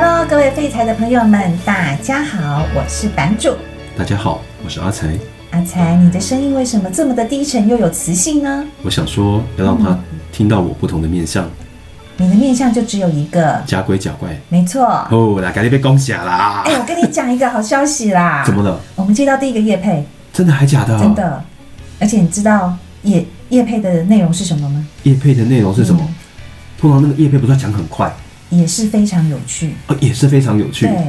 Hello，各位廢柴的朋友們，大家好，我是版主。大家好，我是阿財。阿財，你的聲音為什麼這麼的低沉，又有磁性呢？我想說，要讓他聽到我不同的面相。嗯、你的面相就只有一個，假鬼假怪。沒錯錯。哦，來改那邊講假啦。哎、欸，我跟你講一個好消息啦。 怎麼了？我們接到第一個業配，真的還假的？真的。而且你知道業業配的內容是什麼嗎？業配的內容是什麼？嗯、通常那個業配不是要講很快。也是非常有趣也是非常有趣，對、哦，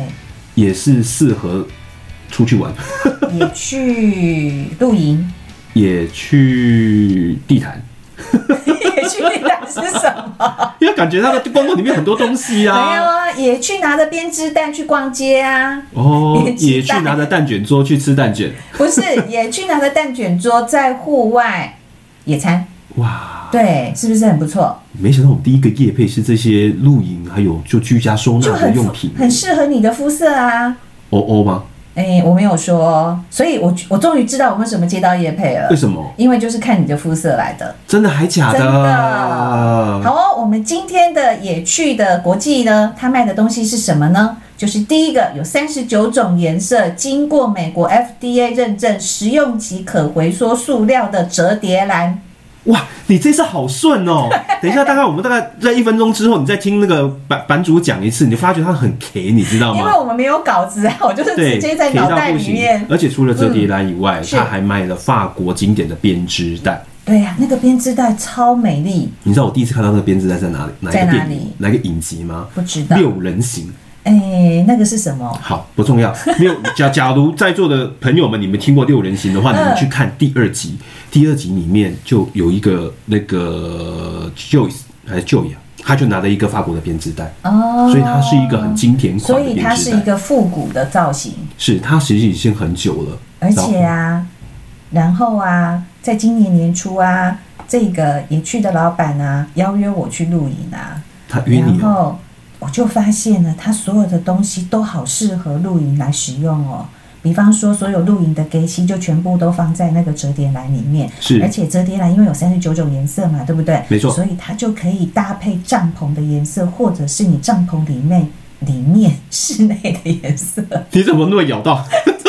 也是適對合出去玩， 也去露營，也去地毯， 也去地毯是什麼？因為感覺那個光棍裡面很多東西啊， 沒有啊，也去拿着編織袋去逛街啊，哦、oh,，也去拿着蛋卷桌去吃蛋卷， 不是，也去拿着蛋卷桌在戶外野餐。哇，對，是不是很不錯？沒想到我們第一個業配是這些露營，還有就居家收納的用品，就很，很適合你的膚色啊。哦，哦，嗎？哎、欸，我沒有說、哦，所以我我終於知道我們為什麼接到業配了。為什麼？因為就是看你的膚色來的。真的還假的？真的。好哦，我們今天的野趣的國際呢，他賣的東西是什麼呢？就是第一個有三十九種顏色，經過美國 FDA 認證，食用級可回收塑料的折疊籃。哇，你這次好順哦、喔！對，等一下，大概我們大概在一分鐘之後，你再聽那個版版主講一次，你就發覺他很 K，你知道嗎？因為我們沒有稿子、啊，我就是直接在腦袋裡面。嗯、而且除了折疊袋以外，他是還賣了法國經典的編織袋。對呀、啊，那個編織袋超美麗。你知道我第一次看到那個編織袋在哪裡？哪一個電影在哪裡？哪一個影集嗎？不知道。六人行。哎，那個是什麼？好，不重要。沒有假，假如在座的朋友們，你們聽過六人行的話，你們去看第二集。呃、第二集裡面就有一個那個 Joyce 還是 Joyce 他就拿了一個法國的編織袋哦，所以它是一個很經典款。所以它是一個復古的造型。是，它實際已經很久了。而且啊，然後,然後啊，在今年年初啊，這個野趣的老板啊，邀約我去露營啊，他約你。我就發現了，它所有的東西都好適合露營來使用哦。比方說，所有露營的 gear 就全部都放在那個折疊籃裡面。是。而且折疊籃因為有三十九種顏色嘛，對不對？沒錯。所以它就可以搭配帳篷的顏色，或者是你帳篷裡面裡面室內的顏色。你怎麼被咬到？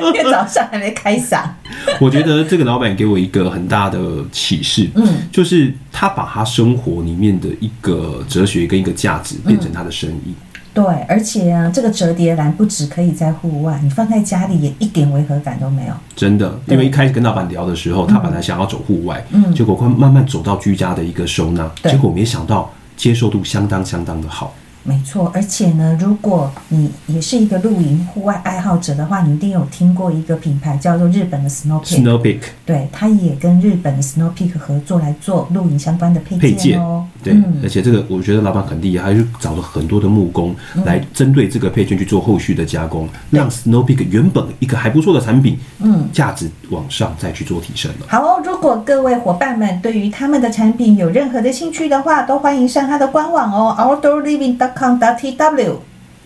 今天 早上還沒開嗓。 我覺得這個老闆給我一個很大的啟示，嗯，就是他把他生活裡面的一個哲學跟一個價值變成他的生意。對，而且啊，這個摺疊籃不只可以在戶外，你放在家裡也一點違和感都沒有。真的，因為一開始跟老闆聊的時候，他本來想要走戶外，嗯，結果會慢慢走到居家的一個收納，結果沒想到接受度相當相當的好。沒錯，而且呢，如果你也是一個露營戶外愛好者的話，你一定有聽過一個品牌叫做日本的 Snow Peak。Snow p k 對，他也跟日本的 Snow Peak 合作來做露營相關的配件哦。配件對，而且這個我覺得老闆很厲害，還是找了很多的木工來針對這個配件去做後續的加工，讓 Snow Peak 原本一個還不錯的產品，嗯，價值往上再去做提升好好。如果各位夥伴們對於他們的產品有任何的興趣的話，都歡迎上他的官網哦，OutdoorLiving.com。康達 T W。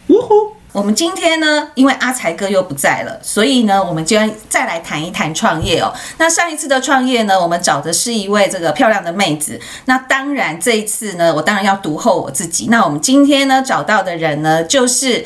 嗚呼！我們今天呢，因為阿財哥又不在了，所以呢，我們今天再來談一談創業哦。那上一次的創業呢，我們找的是一位這個漂亮的妹子。那當然，這一次呢，我當然要獨厚我自己。那我們今天呢，找到的人呢，就是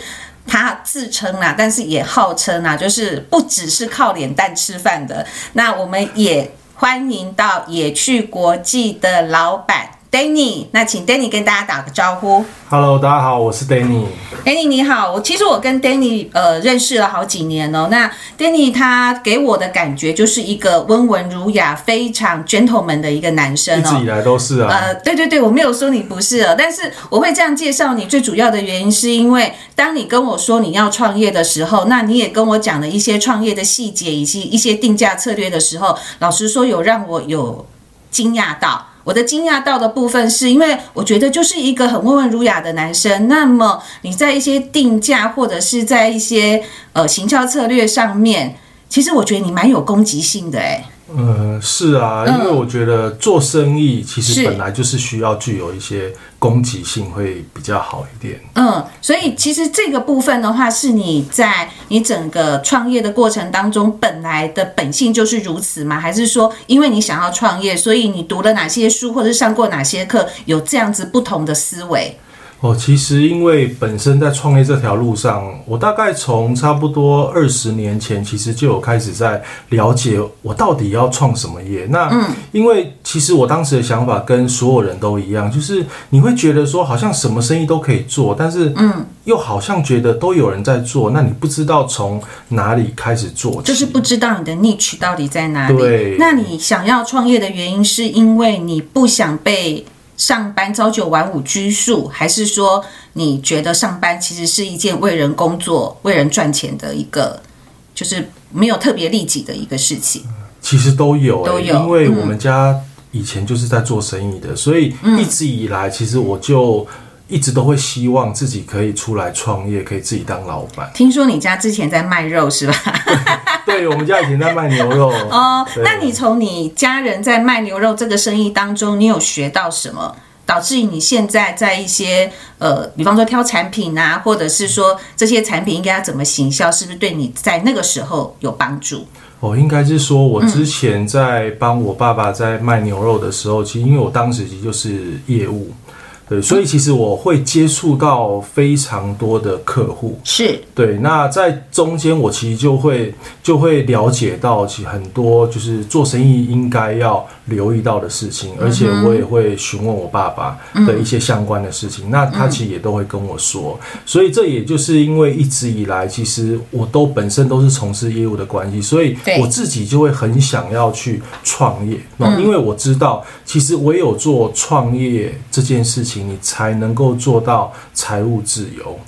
他自稱啦，但是也號稱啦，就是不只是靠臉蛋吃飯的。那我們也歡迎到野趣國際的老闆。Danny，那請 Danny 跟大家打個招呼。Hello，大家好，我是 Danny。Danny 你好，我其實我跟 Danny 呃認識了好幾年哦、喔。那 Danny 他給我的感覺就是一個溫文儒雅、非常 gentleman 的一個男生、喔、一直以來都是啊。呃，對對對，我沒有說你不是啊、喔，但是我會這樣介紹你，最主要的原因是因為當你跟我說你要創業的時候，那你也跟我講了一些創業的細節以及一些定價策略的時候，老實說有讓我有驚訝到。我的驚訝到的部分是因為我覺得就是一個很溫文儒雅的男生，那麼你在一些定價或者是在一些呃行銷策略上面，其實我覺得你蠻有攻擊性的誒、欸，嗯，是啊，因為我覺得做生意其實本來就是需要具有一些。攻擊性會比較好一點。嗯，所以其實這個部分的話，是你在你整個創業的過程當中，本來的本性就是如此嗎？還是說，因為你想要創業，所以你讀了哪些書，或者上過哪些課，有這樣子不同的思維？哦，其實因為本身在創業這條路上，我大概從差不多二十年前，其實就有開始在了解我到底要創什麼業。那因為其實我當時的想法跟所有人都一樣，就是你會覺得說好像什麼生意都可以做，但是嗯，又好像覺得都有人在做，那你不知道從哪裡開始做，就是不知道你的 niche 到底在哪裡。對，那你想要創業的原因，是因為你不想被。上班朝九晚五拘束，還是說你覺得上班其實是一件為人工作、為人賺錢的一個，就是沒有特別利己的一個事情？嗯、其實都有、欸，都有，因為我們家以前就是在做生意的，嗯、所以一直以來，其實我就、嗯。嗯一直都會希望自己可以出來創業，可以自己當老闆。聽說你家之前在賣肉是吧？ 對，我們家以前在賣牛肉。哦、oh, 對，那你從你家人在賣牛肉這個生意當中，你有學到什麼？導致於你現在在一些呃，比方說挑產品啊，或者是說這些產品應該要怎麼行銷，是不是對你在那個時候有幫助？哦，應該是說我之前在幫我爸爸在賣牛肉的時候，嗯、其實因為我當時就是業務。嗯對，所以其實我會接觸到非常多的客戶，是對。那在中間，我其實就會就會了解到，其實很多就是做生意應該要留意到的事情，嗯、哼而且我也會詢問我爸爸的一些相關的事情。嗯、那他其實也都會跟我說，嗯、所以這也就是因為一直以來，其實我都本身都是從事業務的關係，所以我自己就會很想要去創業。嗯、因為我知道，其實我有做創業這件事情。你才能夠做到財務自由，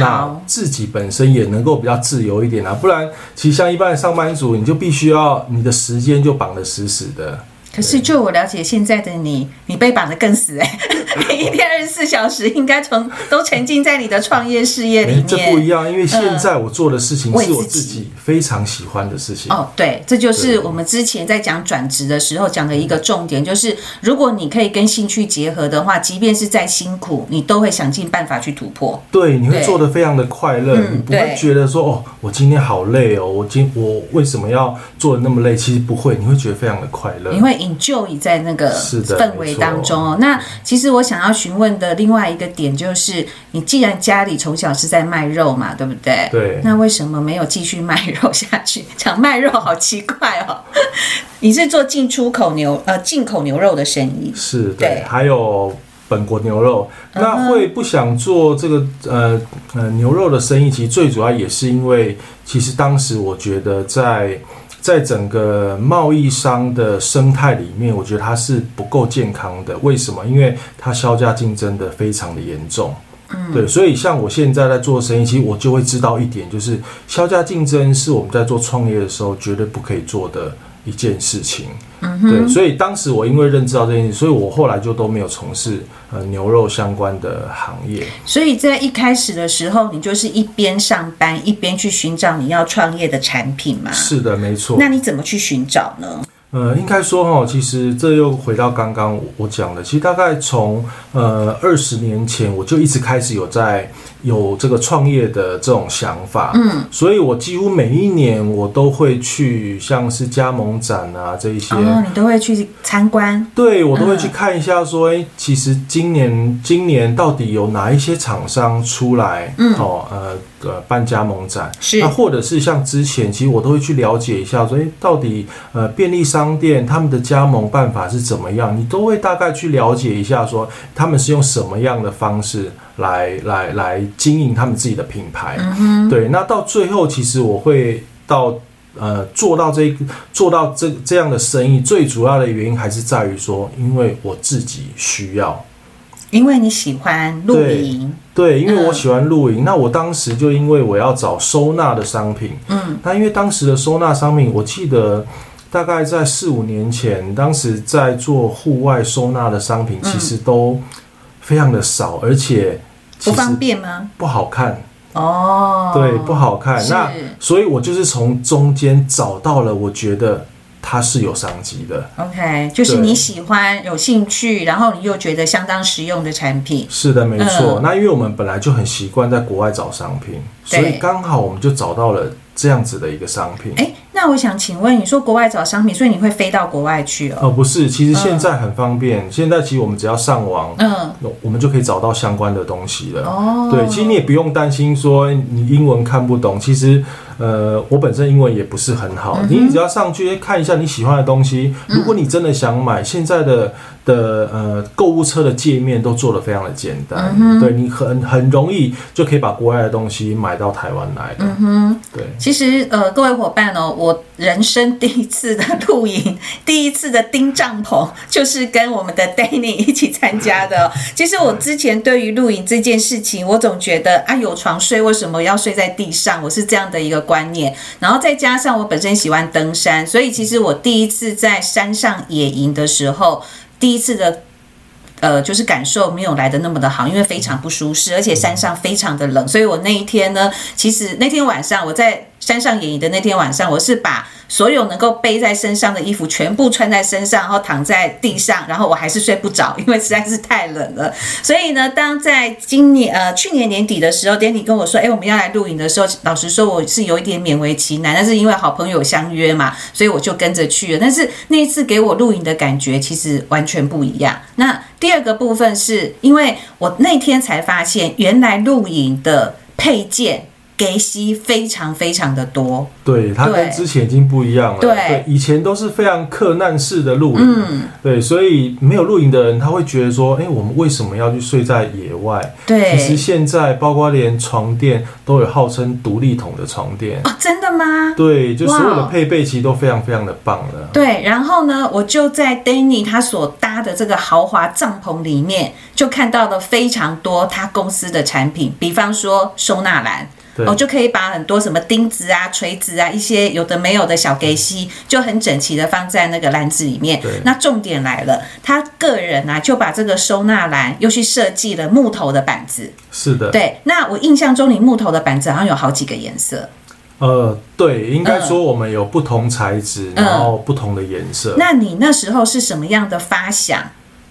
好那自己本身也能夠比較自由一點啊。不然，其實像一般的上班族，你就必須要你的時間就綁得死死的。可是，就我了解，現在的你，你被綁得更死哎、欸。 每一天二十四小時，應該從都沉浸在你的創業事業裡面。欸、這不一樣，因為現在我做的事情、呃、我是，是我自己非常喜歡的事情。哦，對，這就是我們之前在講轉職的時候講的一個重點，就是如果你可以跟興趣結合的話，即便是再辛苦，你都會想盡辦法去突破。對，你會做得非常的快樂，對你不會覺得說哦，我今天好累哦，我今我為什麼要做的那麼累？其實不會，你會覺得非常的快樂，你會 enjoy 在那個氛圍當中哦。那其實我。我想要詢問的另外一個點就是，你既然家裡從小是在賣肉嘛，對不對？對。那為什麼沒有繼續賣肉下去？講賣肉好奇怪哦！ 你是做進出口牛呃進口牛肉的生意，是，對，還有本國牛肉。嗯哼。那會不想做這個呃呃牛肉的生意，其實最主要也是因為，其實當時我覺得在。在整個貿易商的生態裡面，我覺得它是不夠健康的。為什麼？因為它削價競爭的非常的嚴重。嗯，對，所以像我現在在做生意，其實我就會知道一點，就是削價競爭是我們在做創業的時候絕對不可以做的，一件事情，嗯哼，對，所以當時我因為認知到這件事，所以我後來就都沒有從事呃牛肉相關的行業。所以在一開始的時候，你就是一邊上班一邊去尋找你要創業的產品嗎？是的，沒錯。那你怎麼去尋找呢？呃，應該說哈，其實這又回到剛剛我講的，其實大概從呃二十年前我就一直開始有在。有這個創業的這種想法，嗯，所以我幾乎每一年我都會去，像是加盟展啊這一些、哦，你都會去參觀，對，我都會去看一下，說，哎、嗯，其實今年今年到底有哪一些廠商出來、哦，嗯，哦、呃，呃，呃，辦加盟展，是，那或者是像之前，其實我都會去了解一下，說，哎、欸，到底呃便利商店他們的加盟辦法是怎麼樣？你都會大概去了解一下，說他們是用什麼樣的方式。來來來，來來經營他們自己的品牌。嗯、哼對，那到最後，其實我會到呃做到這做到這這樣的生意，最主要的原因還是在於說，因為我自己需要。因為你喜歡露營對。對，因為我喜歡露營。嗯、那我當時就因為我要找收納的商品。嗯。那因為當時的收納商品，我記得大概在四五年前，當時在做戶外收納的商品，其實都。嗯非常的少，而且不，不方便嗎？不好看哦，對，不好看。是那所以，我就是從中間找到了，我覺得它是有商機的。OK，就是你喜歡、對有興趣，然後你又覺得相當實用的產品。是的，沒錯。嗯、那因為我們本來就很習慣在國外找商品，對所以剛好我們就找到了。這樣子的一個商品，哎、欸，那我想請問，你說國外找商品，所以你會飛到國外去哦？哦，不是，其實現在很方便，嗯、現在其實我們只要上網，嗯、呃，我們就可以找到相關的東西了。哦，對，其實你也不用擔心說你英文看不懂，其實。呃，我本身英文也不是很好。嗯、哼你只要上去看一下你喜歡的東西，嗯、如果你真的想買，現在的的呃購物車的界面都做得非常的簡單，嗯、哼對你很很容易就可以把國外的東西買到台灣來了。嗯哼，對。其實呃，各位夥伴呢、哦，我。人生第一次的露營，第一次的釘帳篷，就是跟我們的 Danny 一起參加的哦。其實我之前對於露營這件事情，我總覺得啊，有床睡，為什麼要睡在地上？我是這樣的一個觀念。然後再加上我本身喜歡登山，所以其實我第一次在山上野營的時候，第一次的呃，就是感受沒有來的那麼的好，因為非常不舒適，而且山上非常的冷。所以我那一天呢，其實那天晚上我在。山上演影的那天晚上，我是把所有能夠背在身上的衣服全部穿在身上，然後躺在地上，然後我還是睡不着，因為實在是太冷了。所以呢，當在今年呃去年年底的時候，Danny 跟我說：“哎、欸，我們要來露營的時候。”老實說，我是有一點勉為其難，但是因為好朋友相約嘛，所以我就跟着去了。但是那次給我露營的感覺其實完全不一樣。那第二個部分是因為我那天才發現，原來露營的配件。給息非常非常的多，對，它跟之前已經不一樣了。對，對，以前都是非常克難式的露營，嗯、對，所以沒有露營的人他會覺得說：“哎、欸，我們為什麼要去睡在野外？”對，其實現在包括連床墊都有號稱獨立筒的床墊哦，真的嗎？對，就所有的配備其實都非常非常的棒了。對，然後呢，我就在 Danny 他所搭的這個豪華帳篷裡面，就看到了非常多他公司的產品，比方說收納籃。我對、哦、就可以把很多什麼釘子啊、錘子啊、一些有的沒有的小給西，對就很整齊的放在那個籃子裡面。對那重點來了，他個人啊就把這個收納籃又去設計了木頭的板子。是的，對。那我印象中，你木頭的板子好像有好幾個顏色。呃，對，應該說我們有不同材質，呃、然後不同的顏色、呃。那你那時候是什麼樣的發想？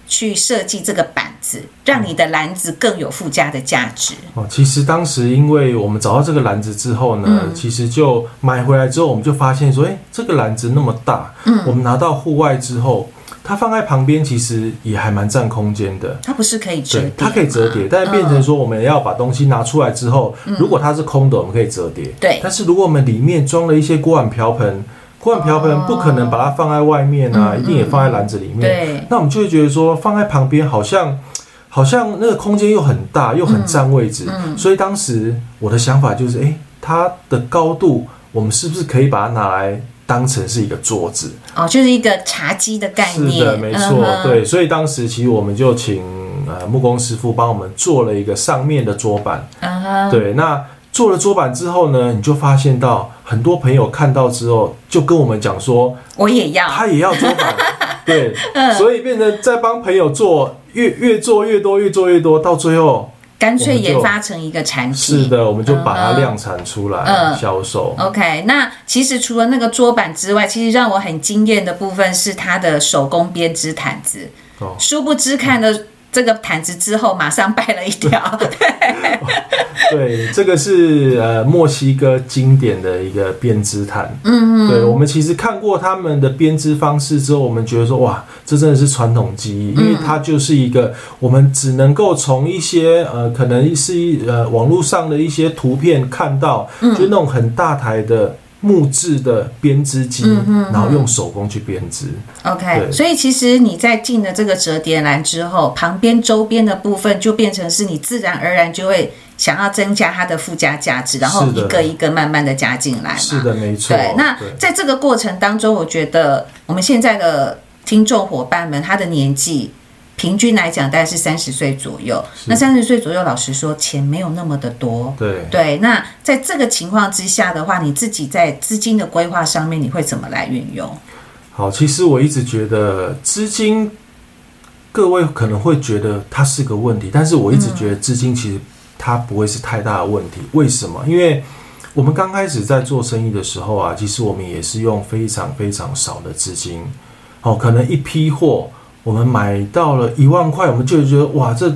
去設計這個板子，讓你的籃子更有附加的價值。哦，其實當時因為我們找到這個籃子之後呢，嗯、其實就買回來之後，我們就發現說，誒、欸，這個籃子那麼大，嗯，我們拿到戶外之後，它放在旁邊其實也還蠻佔空間的。它不是可以折疊？它可以折疊，但是變成說我們要把東西拿出來之後，嗯、如果它是空的，我們可以折疊。對、嗯，但是如果我們裡面裝了一些鍋碗瓢盆。罐瓢盆，不可能把它放在外面啊，嗯嗯，一定也放在籃子裡面。對那我們就會覺得說放在旁邊好像，好像那個空間又很大又很占位置，嗯嗯，所以當時我的想法就是，誒、欸，它的高度我們是不是可以把它拿來當成是一個桌子？哦，就是一個茶几的概念。是的，沒錯，uh huh、對。所以當時其實我們就請呃木工師傅幫我們做了一個上面的桌板。Uh huh、對，那。做了桌板之後呢，你就發現到很多朋友看到之後就跟我們講說，我也要、嗯，他也要桌板， 對，嗯、所以變成在幫朋友做，越越做越多，越做越多，到最後乾脆研發成一個產品。是的，我們就把它量產出來銷售、嗯嗯。OK，那其實除了那個桌板之外，其實讓我很驚艷的部分是它的手工編織毯子。哦、嗯，殊不知看的。這個毯子，之後馬上敗了一條，對， 這個是呃墨西哥經典的一個編織毯，嗯，對，我們其實看過他們的編織方式之後，我們覺得說哇，這真的是傳統技藝，因為它就是一個我們只能夠從一些呃可能是一呃網絡上的一些圖片看到，就那種很大台的。木質的編織機，嗯、哼然後用手工去編織。OK，對所以其實你在進了這個折疊籃之後，旁邊周邊的部分就變成是你自然而然就會想要增加它的附加價值，的然後一個一個慢慢的加進來嘛。是的，沒錯。對，對那在這個過程當中，我覺得我們現在的聽眾夥伴們，他的年紀。平均來講，大概是三十歲左右。是那三十歲左右，老實說，錢沒有那麼的多。對對。那在這個情況之下的話，你自己在資金的規劃上面，你會怎麼來運用？好，其實我一直覺得資金，各位可能會覺得它是個問題，但是我一直覺得資金其實它不會是太大的問題。嗯、為什麼？因為我們剛開始在做生意的時候啊，其實我們也是用非常非常少的資金，好、哦，可能一批貨。我們買到了一萬塊，我們就覺得哇，這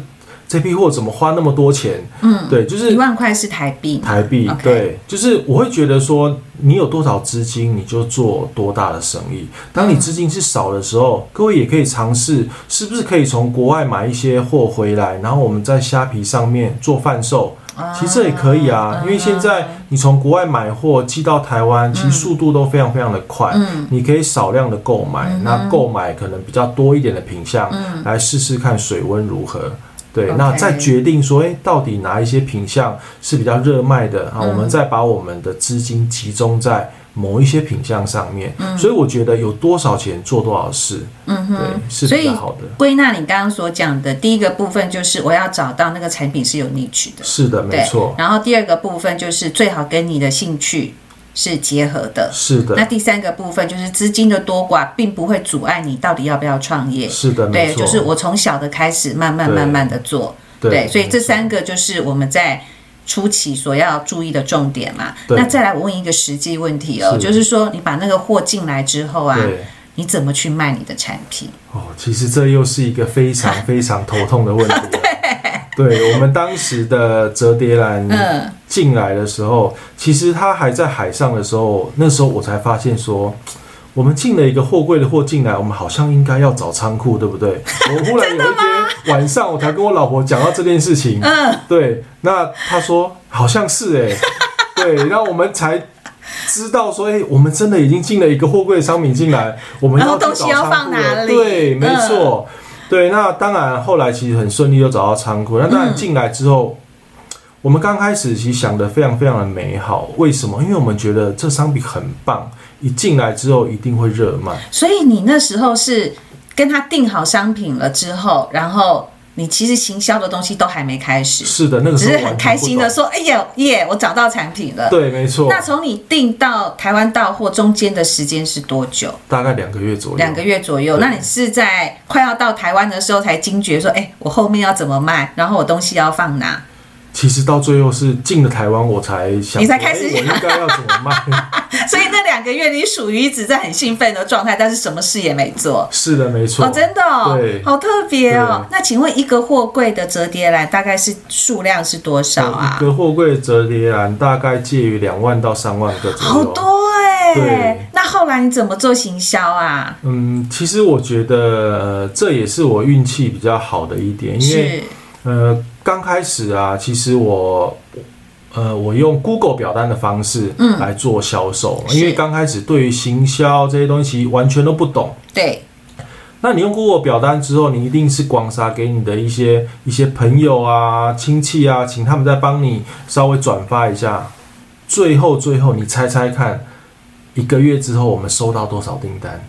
這批貨怎麼花那麼多錢？嗯，對，就是一萬塊是台幣，台幣，Okay 對，就是我會覺得說，你有多少資金，你就做多大的生意。當你資金是少的時候，嗯、各位也可以嘗試，是不是可以從國外買一些貨回來，然後我們在蝦皮上面做販售。其實這也可以啊，因為現在你從國外買貨寄到台灣，嗯、其實速度都非常非常的快。嗯、你可以少量的購買，嗯、那購買可能比較多一點的品項，嗯、來試試看水溫如何。對，Okay 那再決定說，誒、欸，到底哪一些品項是比較熱賣的啊？我們再把我們的資金集中在。某一些品項上面，嗯、哼所以我覺得有多少錢做多少事，嗯哼，對，是比較好的。歸納你剛剛所講的第一個部分，就是我要找到那個產品是有 niche 的，是的，對沒錯錯。然後第二個部分就是最好跟你的興趣是結合的，是的。那第三個部分就是資金的多寡並不會阻礙你到底要不要創業，是的，對，沒錯就是我從小的開始，慢慢慢慢的做，對，對所以這三個就是我們在。初期所要注意的重點嘛，對那再來我問一個實際問題哦、喔，是就是說你把那個貨進來之後啊，對你怎麼去賣你的產品？哦，其實這又是一個非常非常頭痛的問題。啊、 對，對，我們當時的折疊籃進來的時候，嗯、其實他還在海上的時候，那時候我才發現說。我們進了一個貨櫃的貨進來，我們好像應該要找倉庫，對不對？我忽然有一天晚上，我才跟我老婆講到這件事情。嗯、對。那她說好像是誒、欸， 對，然後我們才知道說，哎、欸，我們真的已經進了一個貨櫃的商品進來，我們要去找倉庫了，然後東西要放哪裡？對，沒錯。嗯、對，那當然後來其實很順利就找到倉庫。那當然進來之後，嗯、我們剛開始其實想得非常非常的美好。為什麼？因為我們覺得這商品很棒。你進來之後一定會熱賣，所以你那時候是跟他訂好商品了之後，然後你其實行銷的東西都還沒開始。是的，那個時候只是很開心的說：“哎呦耶，yeah, 我找到產品了。”對，沒錯。那從你訂到台灣到貨中間的時間是多久？大概兩個月左右。兩個月左右，對那你是在快要到台灣的時候才驚覺說：“哎、欸，我後面要怎麼賣？然後我東西要放哪？”其實到最後是進了台灣，我才想，你才開始、欸，我應該要怎麼賣？ 所以那兩個月你屬於一直在很興奮的狀態，但是什麼事也沒做。是的，沒錯、哦，真的，哦，對，好特別哦。對那請問一個貨櫃的折疊籃大概是數量是多少啊？一個貨櫃的折疊籃大概介於兩萬到三萬個左右。好多哎！對那後來你怎麼做行銷啊？嗯，其實我覺得這也是我運氣比較好的一點，因為，是呃。剛開始啊，其實我，呃，我用 Google 表單的方式來做銷售，嗯，因為剛開始對於行銷這些東西完全都不懂。對，那你用 Google 表單之後，你一定是廣撒給你的一些一些朋友啊、親戚啊，請他們再幫你稍微轉發一下。最後，最後，你猜猜看，一個月之後我們收到多少訂單？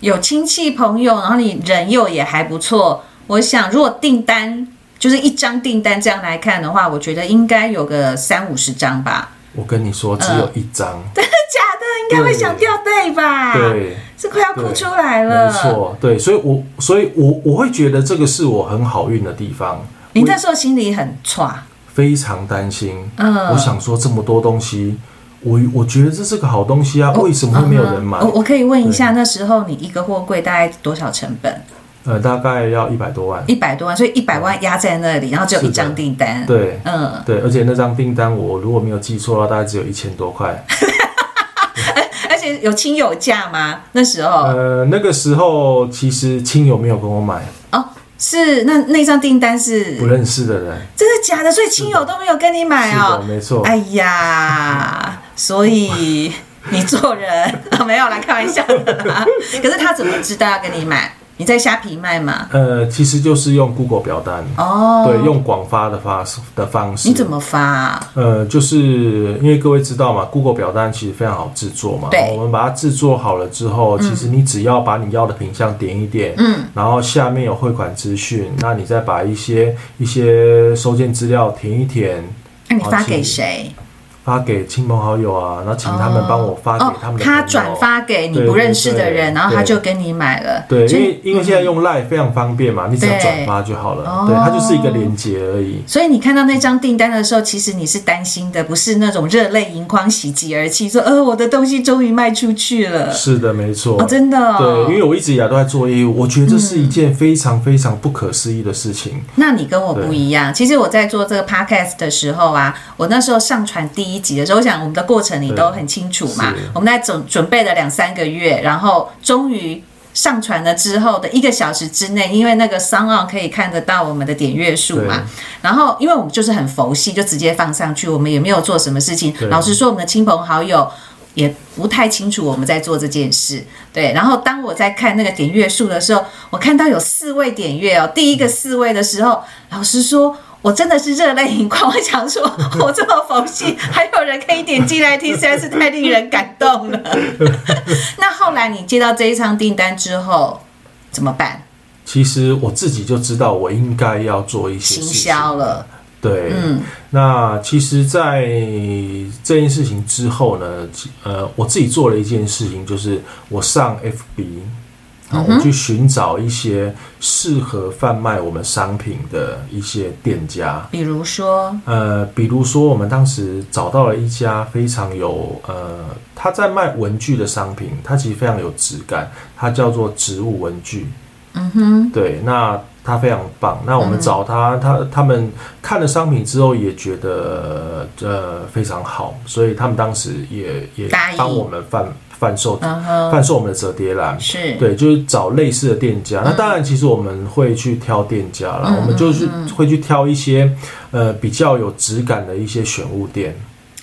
有親戚朋友，然後你人又也還不錯，我想如果訂單。就是一張訂單，這樣來看的話，我覺得應該有個三五十張吧。我跟你說，只有一張。嗯，真的假的？應該會想掉隊吧？對，是快要哭出來了。沒錯，對，所以我，我所以我，所以我我會覺得這個是我很好運的地方。你那時候心裡很差，非常擔心。嗯，我想說這麼多東西，我我覺得這是個好東西啊，哦、為什麼會沒有人買？嗯嗯、我可以問一下，對那時候你一個貨櫃大概多少成本？呃，大概要一百多萬，一百多萬，所以一百萬壓在那裡，然後只有一張訂單，對，嗯，對，而且那張訂單我如果沒有記錯的話，大概只有一千多塊， 而且有親友價嗎？那時候，呃，那個時候其實親友沒有跟我買哦，是那那張訂單是不認識的人，真的假的？所以親友都沒有跟你買哦，沒錯，哎呀，所以你做人、 哦、沒有啦，開玩笑的啦， 可是他怎麼知道要跟你買？你在蝦皮賣嘛？呃，其實就是用 Google 表單哦，oh, 對，用廣發的發的方式。你怎麼發、啊？呃，就是因為各位知道嘛，Google 表單其實非常好製作嘛。對，我們把它製作好了之後，嗯、其實你只要把你要的品項點一點，嗯，然後下面有匯款資訊，嗯、那你再把一些一些收件資料填一填。那你發給誰？發給親朋好友啊，然後請他們幫我發給他們、哦哦。他轉發給你不認識的人，對對對，然後他就跟你買了。對，因為以因為現在用 LINE 非常方便嘛，對你只要轉發就好了。哦、對，它就是一個連接而已。所以你看到那張訂單的時候，其實你是擔心的，不是那種熱淚盈眶、喜極而泣，說：“呃，我的東西終於賣出去了。”是的，沒錯、哦。真的、哦。對，因為我一直以來都在做業務，我覺得這是一件非常非常不可思議的事情。嗯、那你跟我不一樣，對其實我在做這個 podcast 的時候啊，我那時候上傳第一。的時候，我想我們的過程你都很清楚嘛。我們在準準備了兩三個月，然後終於上傳了之後的一個小時之內，因為那個 SoundOn 可以看得到我們的點閱數嘛。對然後因為我們就是很佛系，就直接放上去，我們也沒有做什麼事情。對老實說，我們的親朋好友也不太清楚我們在做這件事。對，然後當我在看那個點閱數的時候，我看到有四位點閱哦，第一個四位的時候，嗯、老實說。我真的是熱淚盈眶，我想說，我這麼佛系，還有人可以點進來聽，實在是太令人感動了。 那後來你接到這一場訂單之後，怎麼辦？其實我自己就知道，我應該要做一些事情行銷了。對，嗯，那其實，在這件事情之後呢，呃，我自己做了一件事情，就是我上 FB。啊、我們去尋找一些適合販賣我們商品的一些店家，比如說，呃，比如說我們當時找到了一家非常有，呃，他在賣文具的商品，它其實非常有質感，它叫做植物文具。嗯哼，對，那它非常棒。那我們找他，嗯、他他們看了商品之後也覺得呃非常好，所以他們當時也也答應幫我們販。販售，販售我們的折疊籃，是、uh huh. 對，就是找類似的店家。是那當然，其實我們會去挑店家啦，嗯、我們就是會去挑一些呃比較有質感的一些選物店。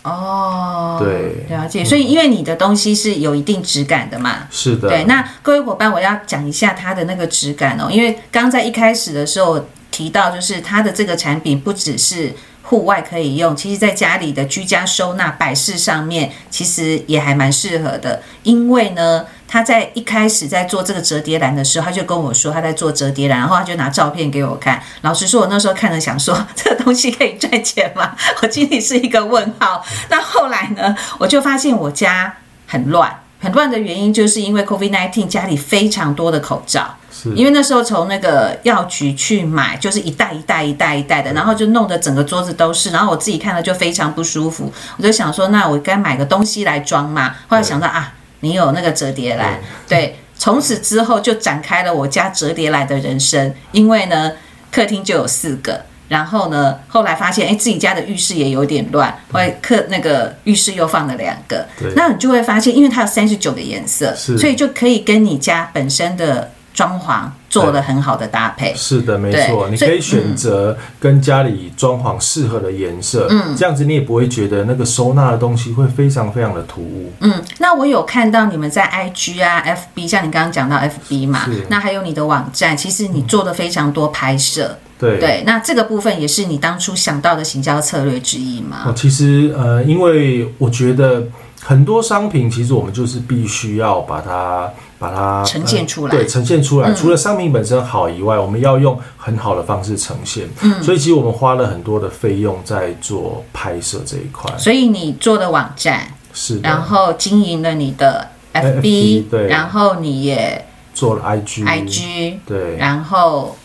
哦、uh，huh. 對，了解。所以，因為你的東西是有一定質感的嘛，是的。對，那各位夥伴，我要講一下它的那個質感哦、喔，因為剛在一開始的時候提到，就是它的這個產品不只是。戶外可以用，其實在家裡的居家收納擺飾上面，其實也還蠻適合的。因為呢，他在一開始在做這個摺疊籃的時候，他就跟我說他在做摺疊籃，然後他就拿照片給我看。老實說，我那時候看了想說，這個東西可以賺錢嗎？我心裡是一個問號。那後來呢，我就發現我家很亂。很多人的原因就是因為 COVID-19 家裡非常多的口罩，是因為那時候從那個藥局去買，就是一袋一袋一袋一袋的，然後就弄得整個桌子都是，然後我自己看了就非常不舒服，我就想說，那我該買個東西來裝嘛。後來想到對啊，你有那個摺疊籃，對，從此之後就展開了我家摺疊籃的人生，因為呢，客廳就有四個。然後呢，後來發現，哎，自己家的浴室也有點亂，對後來客那個浴室又放了兩個，對那你就會發現，因為它有三十九個顏色，是所以就可以跟你家本身的裝潢做了很好的搭配，是的，沒錯，對以你可以選擇跟家裡裝潢適合的顏色，嗯嗯、這樣子你也不會覺得那個收納的東西會非常非常的突兀。嗯，那我有看到你們在 IG 啊、FB，像你剛剛講到 FB 嘛，那還有你的網站，其實你做的非常多拍攝、嗯，對對，那這個部分也是你當初想到的行銷策略之一嘛。其實呃，因為我覺得很多商品，其實我們就是必須要把它。把它呈現出來，對，呈現出來。除了商品本身好以外，我們要用很好的方式呈現。嗯，所以其實我們花了很多的費用在做拍攝這一塊。所以你做的網站是，然後經營了你的 FB，對，然後你也做了 IG，IG，對。然後，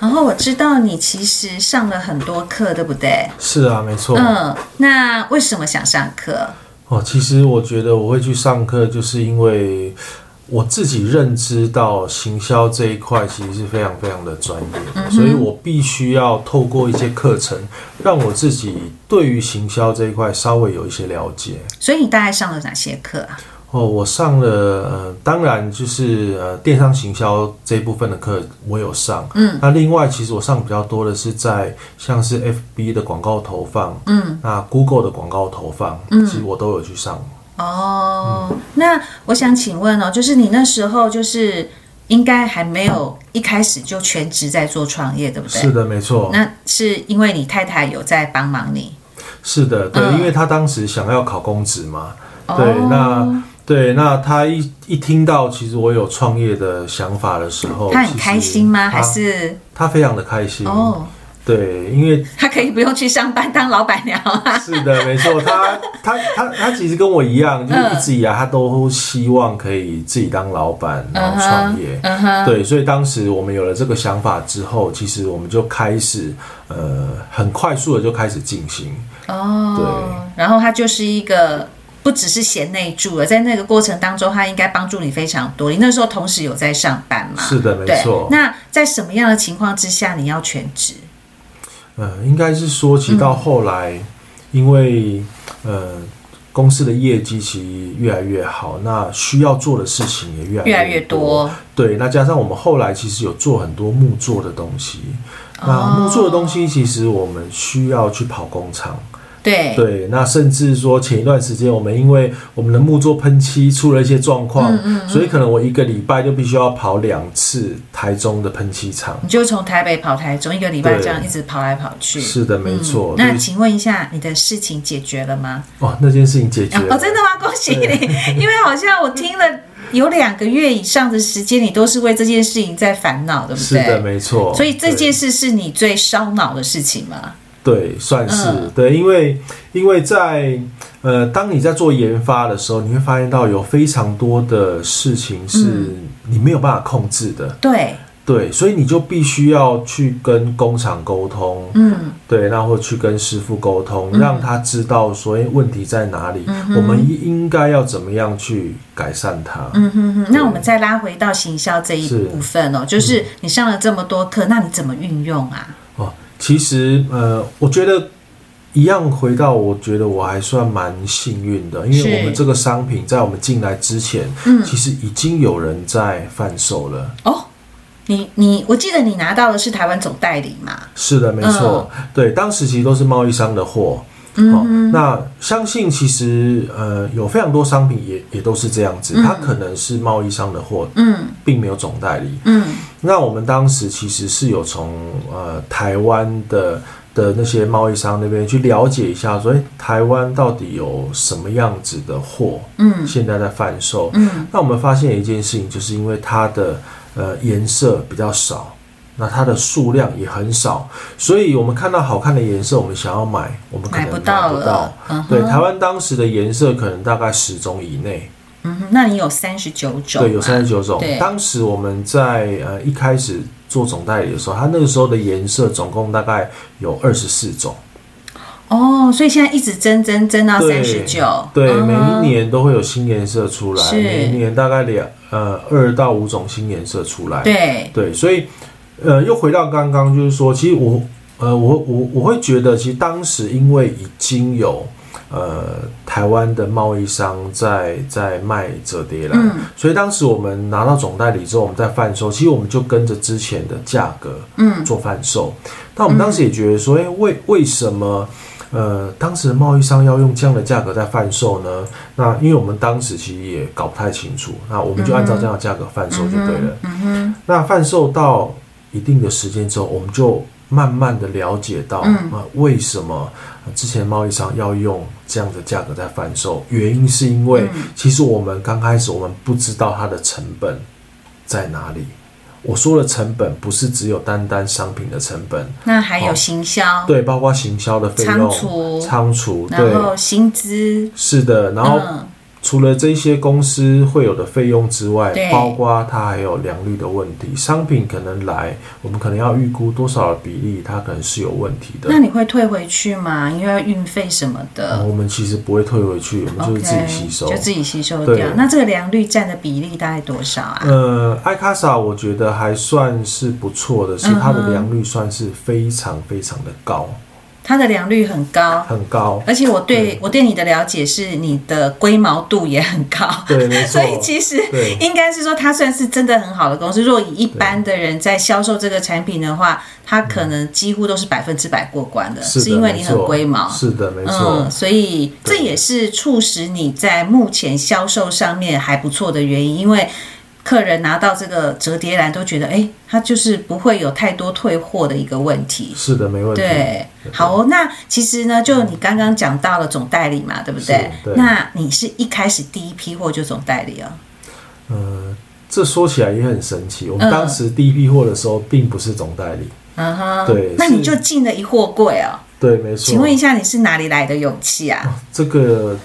然後我知道你其實上了很多課，對不對？是啊，沒錯。嗯，那為什麼想上課？哦，其實我覺得我會去上課，就是因為。我自己認知到行銷這一塊其實是非常非常的專業的，嗯哼。所以我必須要透過一些課程，讓我自己對於行銷這一塊稍微有一些了解。所以你大概上了哪些課啊？哦，我上了呃，當然就是呃電商行銷這一部分的課我有上，嗯，那另外其實我上比較多的是在像是 FB 的廣告投放，嗯，那 Google 的廣告投放，嗯，其實我都有去上。哦，那我想請問哦，就是你那時候就是應該還沒有一開始就全職在做創業，對不對？是的，沒錯。那是因為你太太有在幫忙你。是的，對，嗯。因為她當時想要考公職嘛，哦。對，對，那對，那她一一聽到其實我有創業的想法的時候，她很開心嗎？其實他，還是她非常的開心？哦。對，因為他可以不用去上班當老闆娘。是的，沒錯，他他他他，他其實跟我一樣， 就一直以來他都希望可以自己當老闆，然後創業。Uh huh, uh huh. 對，所以當時我們有了這個想法之後，其實我們就開始呃很快速的就開始進行。哦，oh, 對。然後他就是一個不只是賢內助了，在那個過程當中，他應該幫助你非常多。你那時候同時有在上班嗎？是的，沒錯。那在什麼樣的情況之下你要全職？嗯，應該是說起到後來，嗯、因為呃，公司的業績其實越來越好，那需要做的事情也越來越多。越來越多對，那加上我們後來其實有做很多木作的東西，哦、那木作的東西其實我們需要去跑工廠。對對，那甚至說前一段時間，我們因為我們的木作噴漆出了一些狀況，嗯嗯嗯，所以可能我一個禮拜就必須要跑兩次台中的噴漆廠。你就從台北跑台中，一個禮拜這樣一直跑來跑去。是的，沒錯。嗯、對那請問一下，你的事情解決了嗎？哇、哦，那件事情解決了。哦，真的嗎？恭喜你，對因為好像我聽了有兩個月以上的時間，你都是為這件事情在煩惱，的。是的，沒錯。所以這件事是你最燒腦的事情嗎？對，算是對，因為因為在呃，當你在做研發的時候，你會發現到有非常多的事情是你沒有辦法控制的。對對，所以你就必須要去跟工廠溝通，嗯，對，然後去跟師傅溝通，讓他知道說問題在哪裡，我們應該要怎麼樣去改善它。嗯哼哼，那我們再拉回到行銷這一部分哦，就是你上了這麼多課，那你怎麼運用啊？其實，呃，我覺得一樣，回到我覺得我還算蠻幸運的，因為我們這個商品在我們進來之前，嗯、其實已經有人在販售了。哦，你你，我記得你拿到的是台灣總代理嘛？是的，沒錯，嗯、對，當時其實都是貿易商的貨。嗯、哦，那相信其實呃，有非常多商品也也都是這樣子，嗯、它可能是貿易商的貨，嗯，並沒有總代理，嗯。那我們當時其實是有從呃台灣的的那些貿易商那邊去了解一下，說，欸、台灣到底有什麼樣子的貨？嗯，現在在販售。嗯，那我們發現一件事情，就是因為它的呃顏色比較少。那它的數量也很少，所以我們看到好看的顏色，我們想要買，我們可能買不到，買不到了。嗯、對，台灣當時的顏色可能大概十種以內。嗯哼，那你有三十九種？對，有三十九種。對當時我們在呃一開始做總代理的時候，它那個時候的顏色總共大概有二十四種。哦，所以現在一直增增增到三十九。對，嗯、哼每一年都會有新顏色出來，是每一年大概兩呃二到五種新顏色出來。對對，所以。呃，又回到剛剛，就是說，其實我，呃，我我我會覺得，其實當時因為已經有，呃，台灣的貿易商在在賣折疊了，嗯，所以當時我們拿到總代理之後，我們在販售，其實我們就跟着之前的價格，嗯，做販售。那我們當時也覺得說，誒、欸，為為什麼，呃，當時的貿易商要用這樣的價格在販售呢？那因為我們當時其實也搞不太清楚，那我們就按照這樣的價格販售就對了。嗯哼，嗯哼，那販售到。一定的時間之後，我們就慢慢的了解到，嗯、那為什麼之前貿易商要用這樣的價格在販售？原因是因為，其實我們剛開始我們不知道它的成本在哪裡。我說的成本不是只有單單商品的成本，那還有行銷、哦，對，包括行銷的費用、倉儲、倉儲、對，然後薪資，是的，然後。嗯除了這些公司會有的費用之外，對包括它還有良率的問題。商品可能來，我們可能要預估多少的比例，它可能是有問題的。那你會退回去嗎？因為要運費什麼的、嗯。我們其實不會退回去，我們就是自己吸收，okay, 就自己吸收掉。對那這個良率占的比例大概多少啊？呃、嗯，艾卡莎我覺得還算是不錯的，是、嗯、哼它的良率算是非常非常的高。它的良率很高，很高，而且我對，對我對你的了解是，你的龜毛度也很高，對 所以其實應該是說，它算是真的很好的公司。對若以一般的人在銷售這個產品的話，對它可能幾乎都是百分之百過關的，嗯、是的，是因為你很龜毛，是的，沒錯，嗯，所以這也是促使你在目前銷售上面還不錯的原因，因為。客人拿到這個摺疊籃都覺得，哎、欸，他就是不會有太多退貨的一個問題。是的，沒問題。對，好、哦，那其實呢，就你剛剛講到了總代理嘛，嗯、對不對？對。那你是一開始第一批貨就總代理哦？嗯、呃，這說起來也很神奇。我們當時第一批貨的時候，並不是總代理。嗯哈、呃，對。那你就進了一貨櫃哦。對，沒錯。請問一下，你是哪裡來的勇氣啊、哦？這個，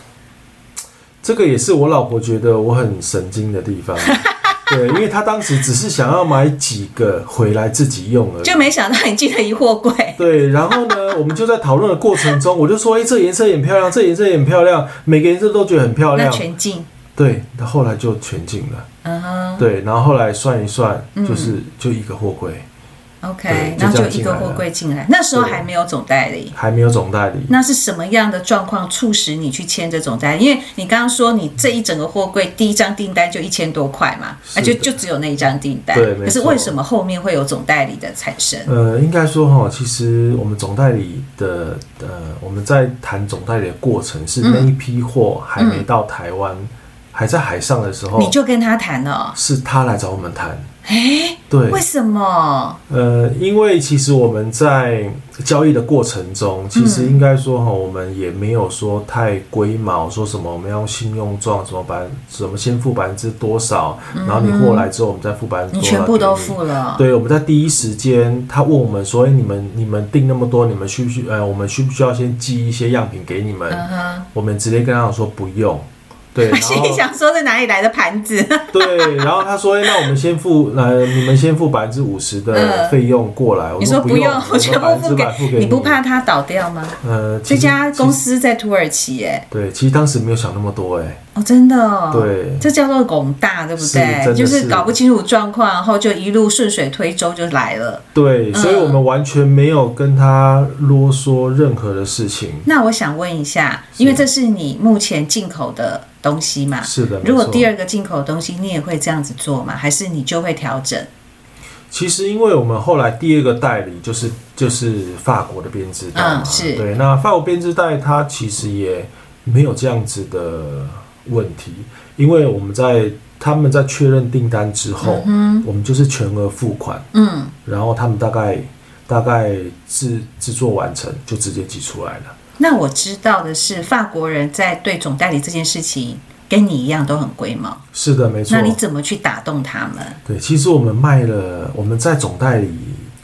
這個也是我老婆覺得我很神經的地方。 對，因為他當時只是想要買幾個回來自己用了，就沒想到你進了一貨櫃。 對，然後呢，我們就在討論的過程中， 我就說，哎、欸，這顏色也很漂亮，這顏色也很漂亮，每個顏色都覺得很漂亮。那全進。對，那後來就全進了。嗯、uh。Huh、對，然後後來算一算，就是就一個貨櫃。嗯 OK，那對就一個貨櫃進來，進來那時候還沒有總代理，還沒有總代理。那是什麼樣的狀況促使你去簽這總代理？因為你剛剛說你這一整個貨櫃第一張訂單就一千多塊嘛，那的、啊、就就只有那一張訂單。對，沒錯。可是為什麼後面會有總代理的產生？呃，應該說哈，其實我們總代理的呃，我們在談總代理的過程是那一批貨還沒到台灣，嗯嗯、還在海上的時候，你就跟他談了、哦，是他來找我們談。哎，欸、對，為什麼？呃，因為其實我們在交易的過程中，嗯、其實應該說哈，我們也沒有說太龜毛，說什麼我們要用信用狀，什麼百分，什麼先付百分之多少，然後你過來之後，我們再付百分之多少。全部都付了。對，我們在第一時間他問我們，所、欸、以你們你們訂那麼多，你們需不需呃，我們需不需要先寄一些樣品給你們？嗯、哼我們直接跟他說不用。對，他心裡想說在哪裡來的盤子？對，然後他說、 欸：“那我們先付，呃，你們先付百分之五十的費用過來。呃”我說：“不用，說不用我全部付，付給你，你不怕他倒掉嗎？”呃，這家公司在土耳其、欸，對，其實當時沒有想那麼多、欸，哦，oh, 真的，對，這叫做拱大，對不對？是，真的是，就是搞不清楚狀況，然後就一路順水推舟就來了。對，所以我們完全沒有跟他囉嗦任何的事情。嗯，那我想問一下，因為這是你目前進口的東西嘛？是的。是的，如果第二個進口的東西，你也會這樣子做嗎？還是你就會調整？其實，因為我們後來第二個代理就是就是法國的編織袋。嗯，是。對，那法國編織袋它其實也沒有這樣子的問題，因為我們在他們在確認訂單之後，嗯哼，我們就是全額付款，嗯，然後他們大概大概製製作完成就直接寄出來了。那我知道的是，法國人在對總代理這件事情跟你一樣都很龜毛。是的，沒錯。那你怎麼去打動他們？對，其實我們賣了我們在總代理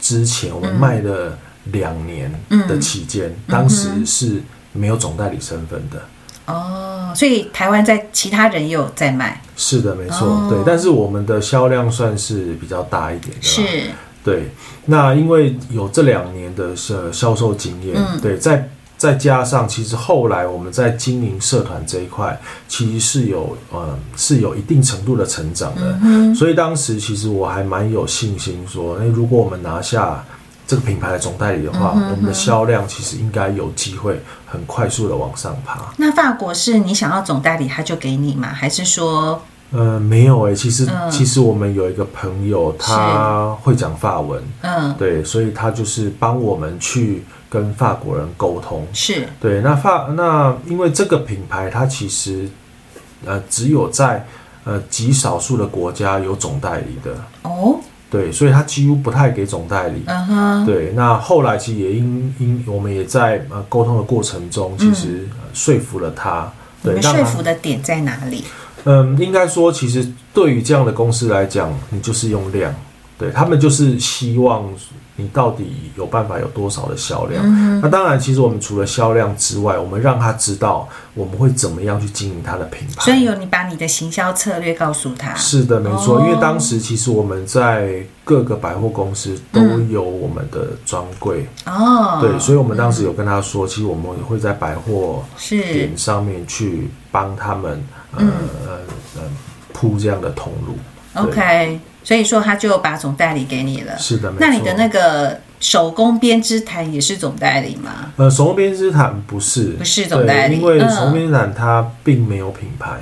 之前，我們賣了兩年的期間，嗯嗯，當時是沒有總代理身份的。哦。所以台灣在其他人也有在賣，是的，沒錯，哦、對。但是我們的銷量算是比較大一點，是吧？是，對。那因為有這兩年的呃、銷售經驗，嗯、對，再再加上其實後來我們在經營社團這一塊，其實是有呃是有一定程度的成長的。嗯、哼所以當時其實我還蠻有信心說、欸，如果我們拿下。這個品牌的總代理的話，嗯哼嗯哼，我們的銷量其實應該有機會很快速的往上爬。那法國是你想要總代理他就給你嗎？還是說？呃，沒有誒、欸，其實、嗯、其實我們有一個朋友他會講法文，嗯，對，所以他就是幫我們去跟法國人溝通。是對，那法那因為這個品牌它其實呃只有在呃極少數的國家有總代理的哦。對，所以他幾乎不太給總代理。Uh huh. 對，那後來其實也因因我們也在呃溝通的過程中，其實說服了他。嗯。對，你們說服的點在哪裡？嗯，應該說，其實對於這樣的公司來講，你就是用量。對，他們就是希望你到底有辦法有多少的銷量？嗯、那當然，其實我們除了銷量之外，我們讓他知道我們會怎麼樣去經營他的品牌。所以有，你把你的行銷策略告訴他。是的，沒錯。哦、因為當時其實我們在各個百貨公司都有我們的專櫃哦。嗯、對，所以我們當時有跟他說，嗯、其實我們也會在百貨是點上面去幫他們呃鋪、嗯嗯嗯、這樣的通路。對 OK，所以說他就把總代理給你了。是的，沒錯。那你的那個手工編織毯也是總代理嗎？呃，手工編織毯不是，不是總代理，因為手工編織毯它並沒有品牌。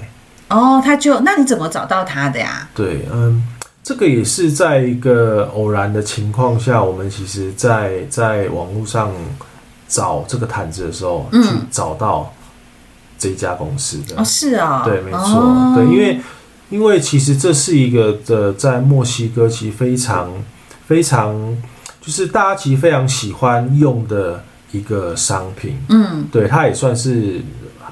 嗯、哦，他就那你怎麼找到他的呀、啊？對，嗯，這個也是在一個偶然的情況下，我們其實在，在在網絡上找這個毯子的時候，嗯，去找到這一家公司的。哦、是啊、哦，對，沒錯，哦、對，因為。因為其實這是一個的，在墨西哥其實非常非常，就是大家其實非常喜歡用的一個商品。嗯，對，它也算是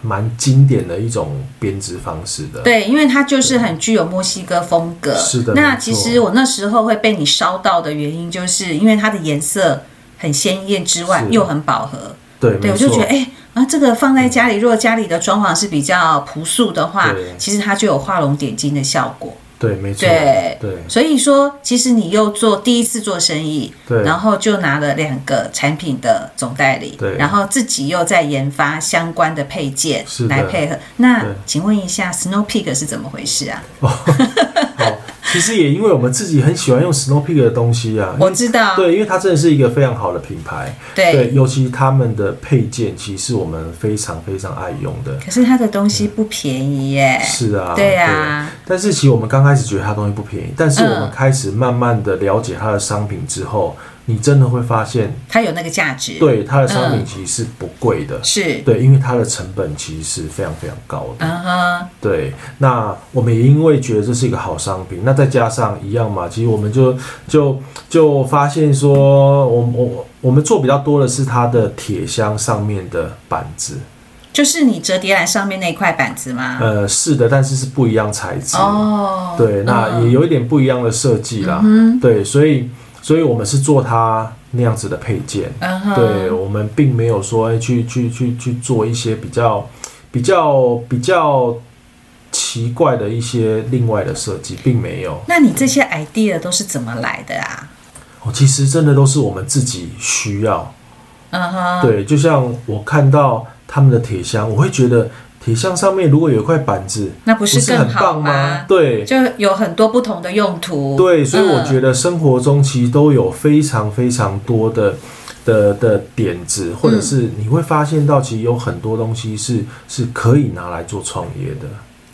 蠻經典的一種編織方式的。對，因為它就是很具有墨西哥風格。是的。那其實我那時候會被你燒到的原因，就是因為它的顏色很鮮豔之外，是又很飽和。對，對，錯我就覺得哎。欸那、啊、這個放在家裡，嗯、如果家裡的裝潢是比較樸素的話，對其實它就有畫龍點睛的效果。對，沒錯。對對，對所以說，其實你又做第一次做生意，對，然後就拿了兩個產品的總代理，對，然後自己又在研發相關的配件來配合。的那請問一下，Snow Peak 是怎麼回事啊？Oh, 其實也因為我們自己很喜歡用 Snow Peak 的東西啊，我知道。對，因為它真的是一個非常好的品牌。對，尤其是他們的配件，其實是我們非常非常愛用的，嗯。可是它的東西不便宜耶。是啊，對啊。但是其實我們剛開始覺得它東西不便宜，但是我們開始慢慢的了解它的商品之後。你真的會發現它有那個價值，對，它的商品其實是不貴的，嗯、是對，因為它的成本其實是非常非常高的。嗯、哼對。那我們也因為覺得這是一個好商品，那再加上一樣嘛，其實我們就就就發現說，我我我們做比較多的是它的鐵箱上面的板子，就是你折疊籃上面那塊板子嗎？呃，是的，但是是不一樣材質。哦，對，那也有一點不一樣的設計啦。嗯哼，對，所以。所以，我們是做它那樣子的配件，uh huh. 對，我們並沒有說、欸、去去去去做一些比較、比較、比較奇怪的一些另外的設計，並沒有。那你這些 idea 都是怎麼來的啊？哦，其實真的都是我們自己需要，嗯哼、uh huh. 對，就像我看到他們的鐵箱，我會覺得。鐵箱上面如果有塊板子，那不是更好嗎？不是很棒嗎？對，就有很多不同的用途。對，嗯、所以我覺得生活中其實都有非常非常多的的的點子，或者是你會發現到其實有很多東西是、嗯、是可以拿來做創業的。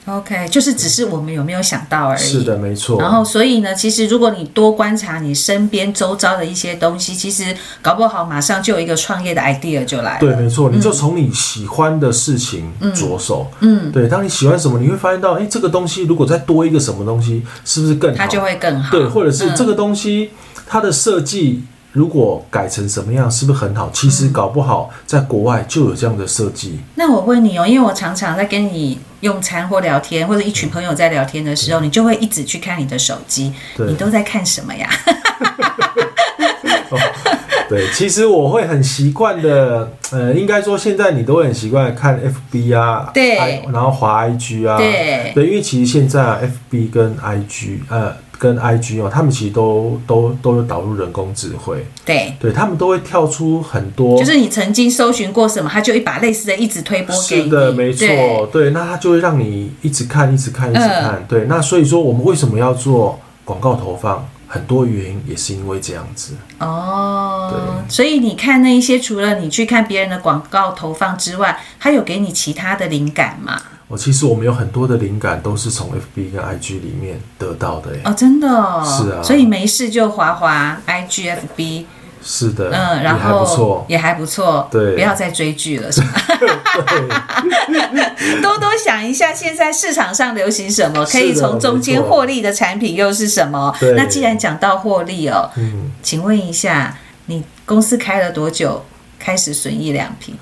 OK，就是只是我們有沒有想到而已。是的，沒錯。然後，所以呢，其實如果你多觀察你身邊周遭的一些東西，其實搞不好馬上就有一個創業的 idea 就來了。對，沒錯，嗯、你就從你喜歡的事情着手，嗯。嗯，對，當你喜歡什麼，你會發現到，哎、嗯欸，這個東西如果再多一個什麼東西，是不是更好？它就會更好。對，或者是這個東西、嗯、它的設計。如果改成什麼樣，是不是很好？其實搞不好在國外就有這樣的設計，嗯。那我問你哦，喔，因為我常常在跟你用餐或聊天，或者一群朋友在聊天的時候，嗯、你就會一直去看你的手機。對你都在看什麼呀？對， 對，其實我會很習慣的。呃，應該說現在你都很習慣看 FB 啊，對，然後滑 IG 啊，對。對，因為其實現在 FB 跟 IG 呃。跟 I G 哦、喔，他們其實都都都有導入人工智慧，對對，他們都會跳出很多，就是你曾經搜尋過什麼，他就會把類似的一直推播給你。是的，沒錯，對，對，那他就會讓你一直看，一直看，一直看，嗯、對，那所以說我們為什麼要做廣告投放？很多原因也是因為這樣子哦，oh, 對，所以你看那一些，除了你去看別人的廣告投放之外，他有給你其他的靈感嗎？哦，其實我們有很多的靈感都是從 F B 跟 I G 裡面得到的，哦，真的，是啊，所以沒事就滑滑 I G F B，是的，嗯，也還不錯，嗯、也還不錯，對、啊，不要再追劇了，哈哈哈哈哈，麼對 多多想一下，現在市場上流行什麼，可以從中間獲利的產品又是什麼？那既然講到獲利哦，對嗯，請問一下，你公司開了多久開始損益兩平？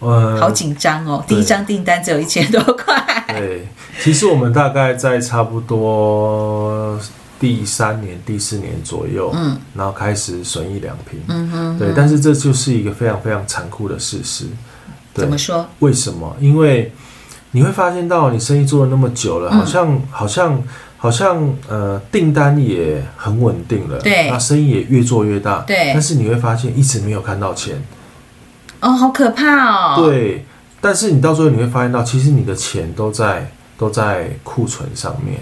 呃，嗯、好緊張哦！對第一張訂單只有一千多塊。對，其實我們大概在差不多第三年、第四年左右，嗯，然後開始損益兩平。嗯哼，哼，對，但是這就是一個非常非常殘酷的事實。嗯、對怎麼說？為什麼？因為你會發現到你生意做了那麼久了，好像、嗯、好像好像呃，訂單也很穩定了，對，生意也越做越大，對，但是你會發現一直沒有看到錢。哦，oh, 好可怕哦！對，但是你到最後你會發現到，其實你的錢都在都在庫存上面。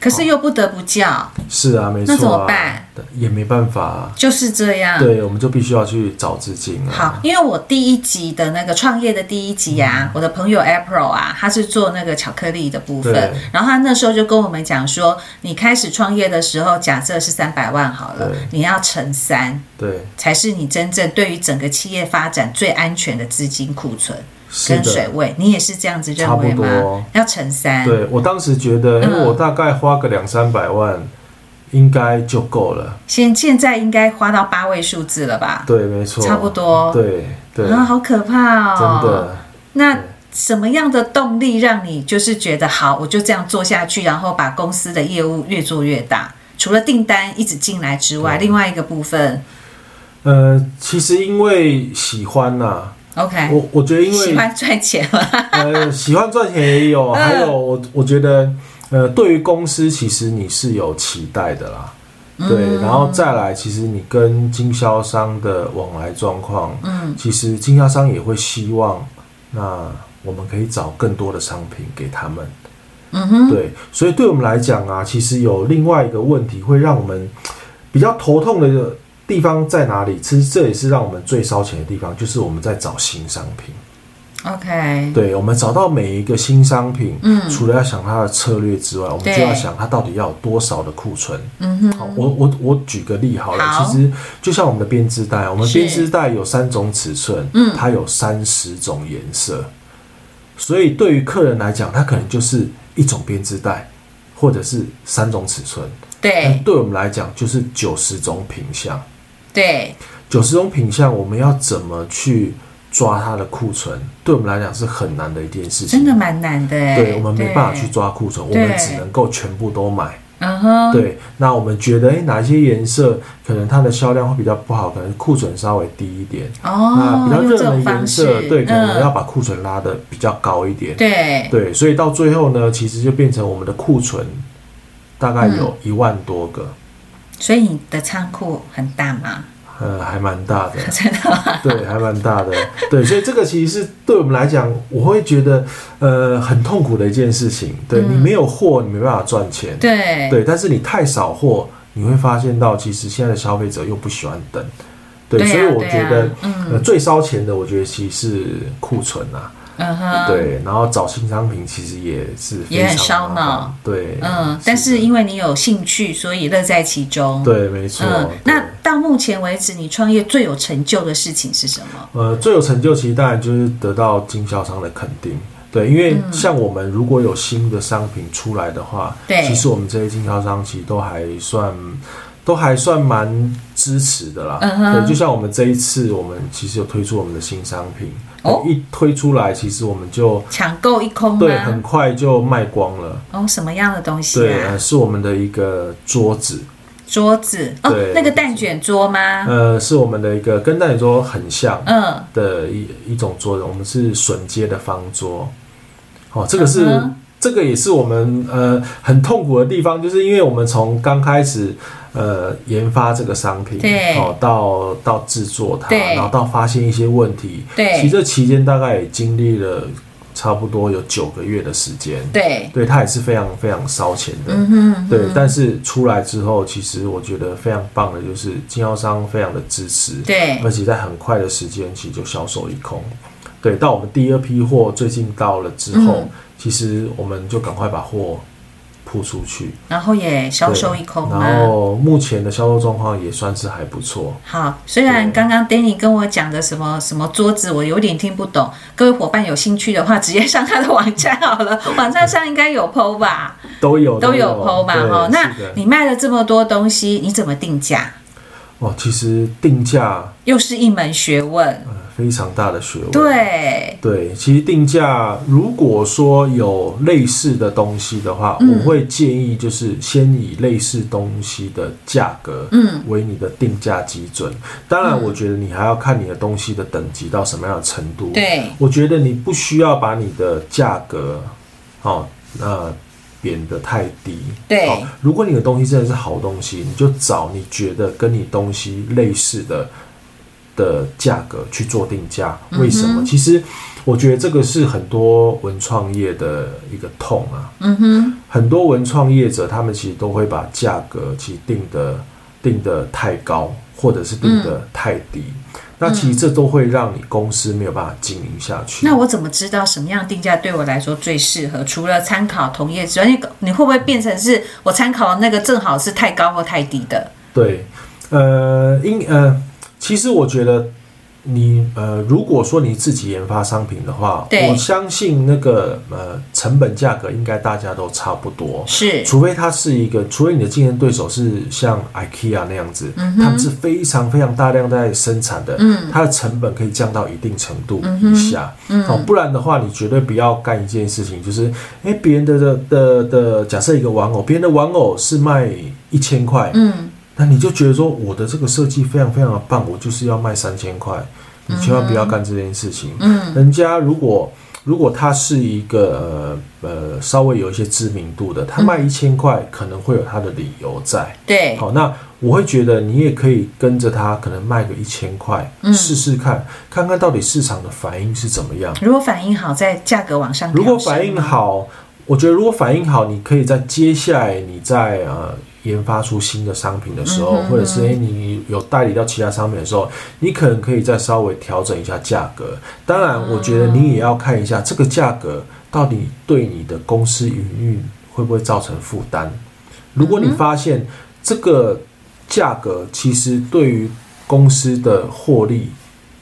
可是又不得不叫，哦、是啊，沒錯、啊，那怎麼辦？也沒辦法、啊，就是這樣。對，我們就必須要去找資金。好，因為我第一集的那個創業的第一集啊，嗯、我的朋友 April 啊，他是做那個巧克力的部分，對然後他那時候就跟我們講說，你開始創業的時候，假設是三百萬好了，對你要乘三，對，才是你真正對於整個企業發展最安全的資金庫存。跟水位，的你也是這樣子認為嗎？要乘三。對我當時覺得，因為我大概花個兩三百萬，嗯、應該就夠了。現現在應該花到八位數字了吧？對，沒錯，差不多。對對啊，然後好可怕哦、喔！真的。那什麼樣的動力讓你就是覺得好？我就這樣做下去，然後把公司的業務越做越大。除了訂單一直進來之外，嗯、另外一個部分，呃，其實因為喜歡吶、啊。OK，我我覺得因為喜歡賺錢嘛，呃，喜歡賺錢也有，還有我我覺得，呃，對於公司其實你是有期待的啦，對，然後再來，其實你跟經銷商的往來狀況，嗯，其實經銷商也會希望，那我們可以找更多的商品給他們，嗯哼，對，所以對我們來講啊，其實有另外一個問題會讓我們比較頭痛的。地方在哪裡？其實這也是讓我們最燒錢的地方，就是我們在找新商品。OK，對，我們找到每一個新商品，嗯，除了要想它的策略之外，對我們就要想它到底要有多少的庫存。嗯哼嗯，我我我舉個例好了，好其實就像我們的編織袋，我們編織袋有三種尺寸，是嗯，它有三十種顏色，所以對於客人來講，它可能就是一種編織袋，或者是三種尺寸。對，對我們來講就是九十種品項。對九十種品相，我們要怎麼去抓它的庫存？對我們來講是很難的一件事情，真的蠻難的、欸、對我們沒辦法去抓庫存，對我們只能夠全部都買。對，對，那我們覺得，誒，哪些顏色可能它的銷量會比較不好，可能庫存稍微低一點。哦。那比較熱門顏色，對，可能、嗯、要把庫存拉的比較高一點。對對，所以到最後呢，其實就變成我們的庫存大概有一萬多個。嗯所以你的倉庫很大嗎？呃，還蠻大的，真的對，還蠻大的， 對。所以這個其實是對我們來講，我會覺得呃很痛苦的一件事情。對、嗯、你沒有貨，你沒辦法賺錢，對，對。但是你太少貨，你會發現到其實現在的消費者又不喜歡等，對。對啊、所以我覺得，啊啊嗯、呃，最燒錢的，我覺得其實是庫存啊。嗯哼，uh、huh, 對，然後找新商品其實也是非常也很燒腦，對，嗯，是的但是因為你有興趣，所以樂在其中，對，沒錯。Uh huh、對那到目前為止，你創業最有成就的事情是什麼？呃，最有成就其實當然就是得到經銷商的肯定，對，因為像我們如果有新的商品出來的話，對、嗯，其實我們這些經銷商其實都還算。都還算蠻支持的啦、uh。嗯、huh、嗯，就像我們這一次，我們其實有推出我們的新商品，oh? 呃、一推出來，其實我們就搶購一空。對，很快就賣光了。哦，oh, 什麼樣的東西、啊？對、呃，是我們的一個桌子。桌子，oh, 對哦，那個蛋卷桌嗎？呃，是我們的一個跟蛋卷桌很像的一，一、uh huh. 一種桌子。我們是榫接的方桌。哦，這個是、uh huh. 這個也是我們呃很痛苦的地方，就是因為我們從剛開始。呃，研發這個商品，好對、哦，到到製作它，對然後到發現一些問題。對，其實這期間大概也經歷了差不多有九個月的時間。對，對，它也是非常非常燒錢的。嗯，嗯對，但是出來之後，其實我覺得非常棒的，就是經銷商非常的支持。對，而且在很快的時間，其實就銷售一空。對，到我們第二批貨最近到了之後，嗯、哼其實我們就趕快把貨。鋪出去，然後也銷售一空，然後目前的銷售狀況也算是還不錯。好，雖然剛剛 Danny 跟我講的什麼什麼桌子，我有點聽不懂。各位夥伴有興趣的話，直接上他的網站好了， 網站上應該有 po 吧。都有都有 po 吧。哦對，那你賣了這麼多東西，你怎麼定價？哦，其實定價又是一門學問。非常大的學問對。對對，其實定價，如果說有類似的東西的話，嗯、我會建議就是先以類似東西的價格，嗯，為你的定價基準。嗯、當然，我覺得你還要看你的東西的等級到什麼樣的程度。對、嗯，我覺得你不需要把你的價格哦那貶、呃，得太低。對、哦，如果你的東西真的是好東西，你就找你覺得跟你東西類似的的價格去做定價，為什麼？嗯哼，其實我覺得這個是很多文創業的一個痛啊。嗯哼，很多文創業者他們其實都會把價格其實定的定的太高，或者是定的太低。嗯、那其實這都會讓你公司沒有辦法經營下去。嗯嗯。那我怎麼知道什麼樣定價對我來說最適合？除了參考同業之外，因為你你會不會變成是我參考的那個正好是太高或太低的？對，呃，因呃。其實我覺得你，你呃，如果說你自己研發商品的話，對我相信那個呃成本價格應該大家都差不多。是，除非它是一個，除非你的競爭對手是像 IKEA 那樣子，嗯、哼他們是非常非常大量在生產的，它、嗯、的成本可以降到一定程度以下。嗯，嗯、哦，不然的話，你絕對不要幹一件事情，就是，哎，別人的的的的，假設一個玩偶，別人的玩偶是賣一千塊，嗯。那你就覺得說我的這個設計非常非常的棒，我就是要賣三千塊，你千萬不要幹這件事情。嗯、嗯，人家如果如果他是一個呃呃稍微有一些知名度的，他賣一千塊、嗯、可能會有他的理由在。對，好，那我會覺得你也可以跟着他，可能賣個一千塊，試試、嗯、看看看到底市場的反應是怎麼樣。如果反應好，再價格往上。如果反應好，我覺得如果反應好，嗯、你可以在接下來，你在呃。研發出新的商品的時候，或者是、欸、你有代理到其他商品的時候，你可能可以再稍微調整一下價格。當然，我覺得你也要看一下這個價格到底對你的公司營運會不會造成負擔。如果你發現這個價格其實對於公司的獲利，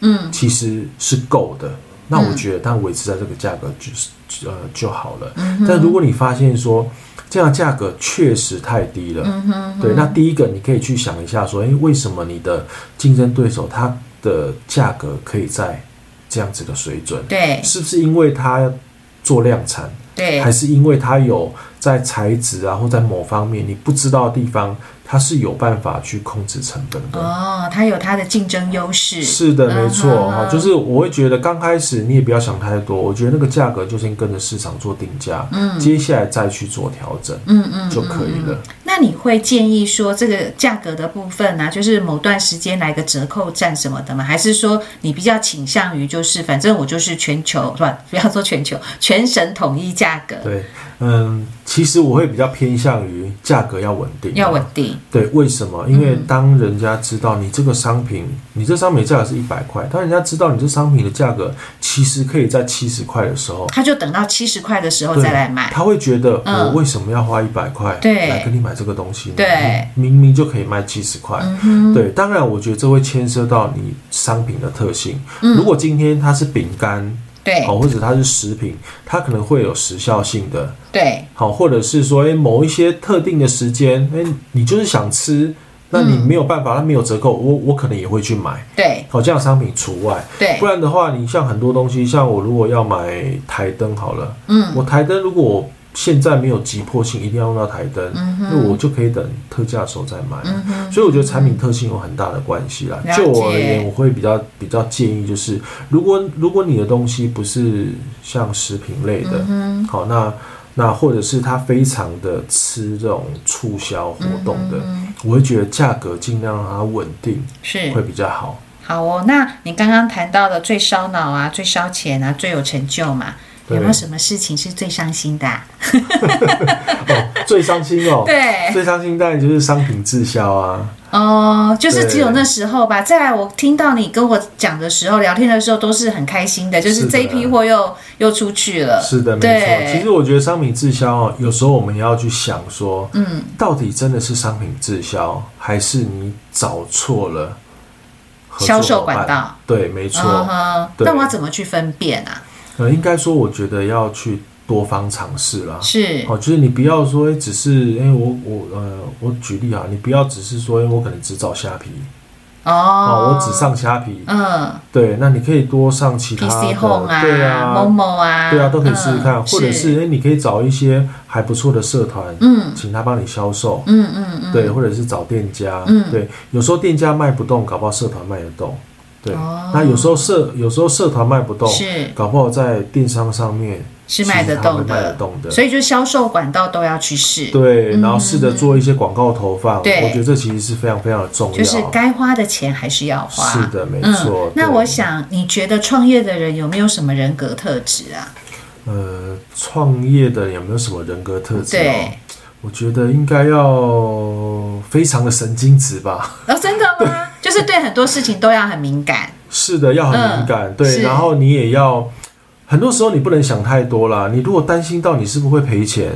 嗯，其實是夠的，那我覺得它維持在這個價格就是。呃，就好了。但如果你發現說、嗯、哼這樣價格確實太低了，嗯、哼哼對，那第一個你可以去想一下說，哎、欸，為什麼你的競爭對手他的價格可以在這樣子的水準？對，是不是因為他做量產？對，還是因為他有？在材質、啊，啊或在某方面你不知道的地方，它是有辦法去控制成本的哦。它有它的競爭優勢。是的，沒錯哈。嗯嗯嗯，就是我會覺得剛開始你也不要想太多，我覺得那個價格就先跟着市場做定價，嗯、接下來再去做調整，嗯嗯，就可以了嗯嗯嗯。那你會建議說這個價格的部分呢、啊，就是某段時間來個折扣戰什麼的嗎？還是說你比較傾向於就是反正我就是全球，是吧？不要說全球，全省統一價格。對。嗯，其實我會比較偏向於價格要穩定，定，要穩定。對，為什麼？因為當人家知道你這個商品，嗯、你這商品價格是一百塊，當人家知道你這商品的價格其實可以在七十塊的時候，他就等到七十塊的時候再來買。他會覺得，我為什麼要花一百塊來跟你買這個東西呢？對，明明就可以賣七十塊。嗯、哼對，當然，我覺得這會牽涉到你商品的特性。嗯、如果今天它是餅乾。對，好，或者它是食品，它可能會有時效性的。對，好，或者是說，誒、欸，某一些特定的時間，誒、欸，你就是想吃，那你沒有辦法，它、嗯、沒有折扣，我我可能也會去買。對，好，這樣商品除外。對，不然的話，你像很多東西，像我如果要買檯燈，好了，嗯，我檯燈如果。現在沒有急迫性，一定要用到台燈，那、嗯、哼我就可以等特價的時候再買。嗯、哼所以我覺得產品特性有很大的關係啦。嗯、就我而言，我會比較比較建議，就是如果如果你的東西不是像食品類的，嗯、哼好，那那或者是它非常的吃這種促銷活動的，嗯、哼我會覺得價格儘量讓它穩定，是會比較好。好哦，那你剛剛談到的最燒腦啊，最燒錢啊，最有成就嘛？有沒有什麼事情是最傷心的、啊 哦？最傷心哦，對，最傷心當然就是商品滯銷啊。哦，就是只有那時候吧。對再來我聽到你跟我講的時候，聊天的時候都是很開心的，就是這一批貨又、啊、又出去了。是的，沒錯對其實我覺得商品滯銷哦，有時候我們要去想說，嗯，到底真的是商品滯銷，還是你找錯了銷售管道？對，沒錯。那、uh huh, 對我要怎麼去分辨啊？呃、嗯，應該說，我覺得要去多方嘗試啦。是，哦，就是你不要說，只是，哎、欸，我我呃，我舉例啊，你不要只是說，哎、欸，我可能只找蝦皮，哦，哦，我只上蝦皮，嗯，對，那你可以多上其他的，PC Home 啊，對啊，某某啊，對啊，都可以試試看，嗯、或者是、欸，你可以找一些還不錯的社團，嗯，請他幫你銷售，嗯嗯嗯，對，或者是找店家，嗯，對，有時候店家賣不動，搞不好社團賣得動。對，那有時候社有時候社團賣不動，是搞不好在電商上面是賣得動的，所以就銷售管道都要去試。對，然後試着做一些廣告投放，我覺得這其實是非常非常的重要。就是該花的錢還是要花。是的，沒錯。那我想，你覺得創業的人有沒有什麼人格特質啊？呃，創業的有沒有什麼人格特質？對，我覺得應該要非常的神經質吧？真的嗎？就是對很多事情都要很敏感，是的，要很敏感，對。然後你也要，很多時候你不能想太多啦。你如果擔心到你是不是會賠錢，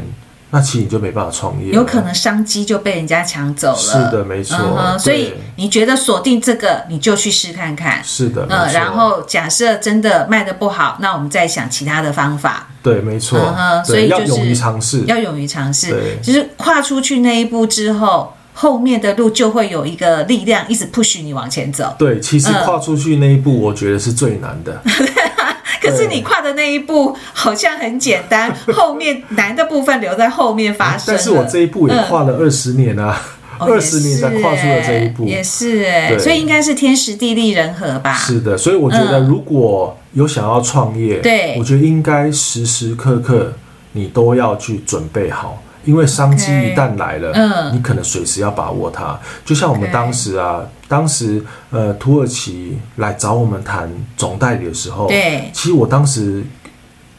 那其實你就沒辦法創業，有可能商機就被人家搶走了。是的，沒錯。所以你覺得鎖定這個，你就去試看看。是的，嗯。然後假設真的賣得不好，那我們再想其他的方法。對，沒錯。嗯，所以要勇於嘗試，要勇於嘗試，就是跨出去那一步之後。後面的路就會有一個力量一直 push 你往前走。對，其實跨出去那一步，我覺得是最難的。嗯、 可是你跨的那一步好像很簡單，嗯、後面難的部分留在後面發生。但是我這一步也跨了二十年啊，嗯、哦、二十年才跨出了這一步。也是，對所以應該是天時地利人和吧？是的，所以我覺得如果有想要創業、嗯，對，我覺得應該時時刻刻你都要去準備好。因為商機一旦來了，okay, 嗯，你可能隨時要把握它。就像我們當時啊，okay, 當時呃，土耳其來找我們談總代理的時候，對，其實我當時，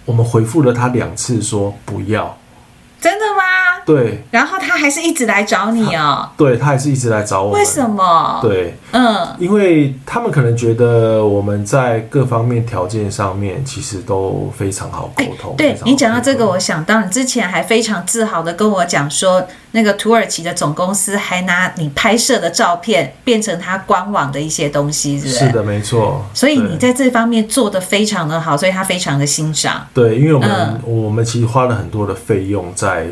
我們回復了他兩次說，說不要，真的嗎？對，然後他還是一直來找你哦、喔。對，他還是一直來找我。為什麼？對，嗯，因為他們可能覺得我們在各方面條件上面其實都非常好溝通。欸、對通你講到這個，我想到你之前還非常自豪的跟我講說，那個土耳其的總公司還拿你拍攝的照片變成他官網的一些東西，是是，是的，沒錯。所以你在這方面做得非常的好，對所以他非常的欣賞。對，因為我們、嗯、我們其實花了很多的費用在。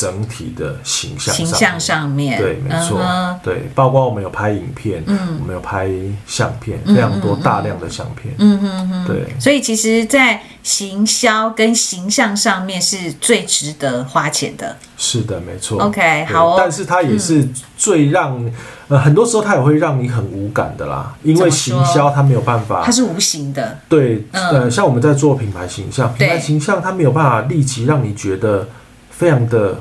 整體的形象，形象上面，對，沒錯，對，包括我們有拍影片，嗯，我們有拍相片，非常多大量的相片，嗯嗯嗯，對，所以其實，在行銷跟形象上面是最值得花錢的，是的，沒錯，OK，好，但是它也是最讓呃很多時候它也會讓你很無感的啦，因為行銷它沒有辦法，它是無形的，對，呃，像我們在做品牌形象，品牌形象它沒有辦法立即讓你覺得非常的。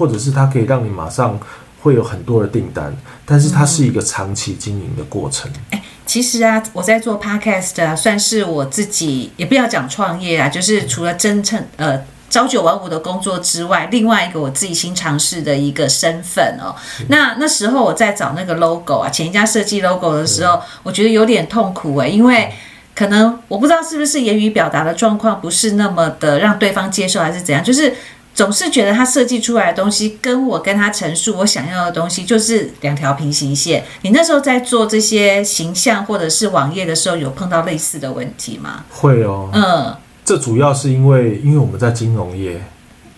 或者是它可以讓你馬上會有很多的訂單，但是它是一個長期經營的過程。誒、嗯欸，其實啊，我在做 podcast 啊，算是我自己也不要講創業啊，就是除了真誠、嗯、呃朝九晚五的工作之外，另外一個我自己新嘗試的一個身份哦、喔。嗯、那那時候我在找那個 logo 啊，請人家設計 logo 的時候，嗯、我覺得有點痛苦誒、欸，因為可能我不知道是不是言語表達的狀況不是那麼的讓對方接受，還是怎樣，就是。總是覺得他設計出來的東西跟我跟他陳述我想要的東西就是兩條平行線。你那時候在做這些形象或者是網頁的時候，有碰到類似的問題嗎？會哦，嗯，這主要是因為，因為我們在金融業，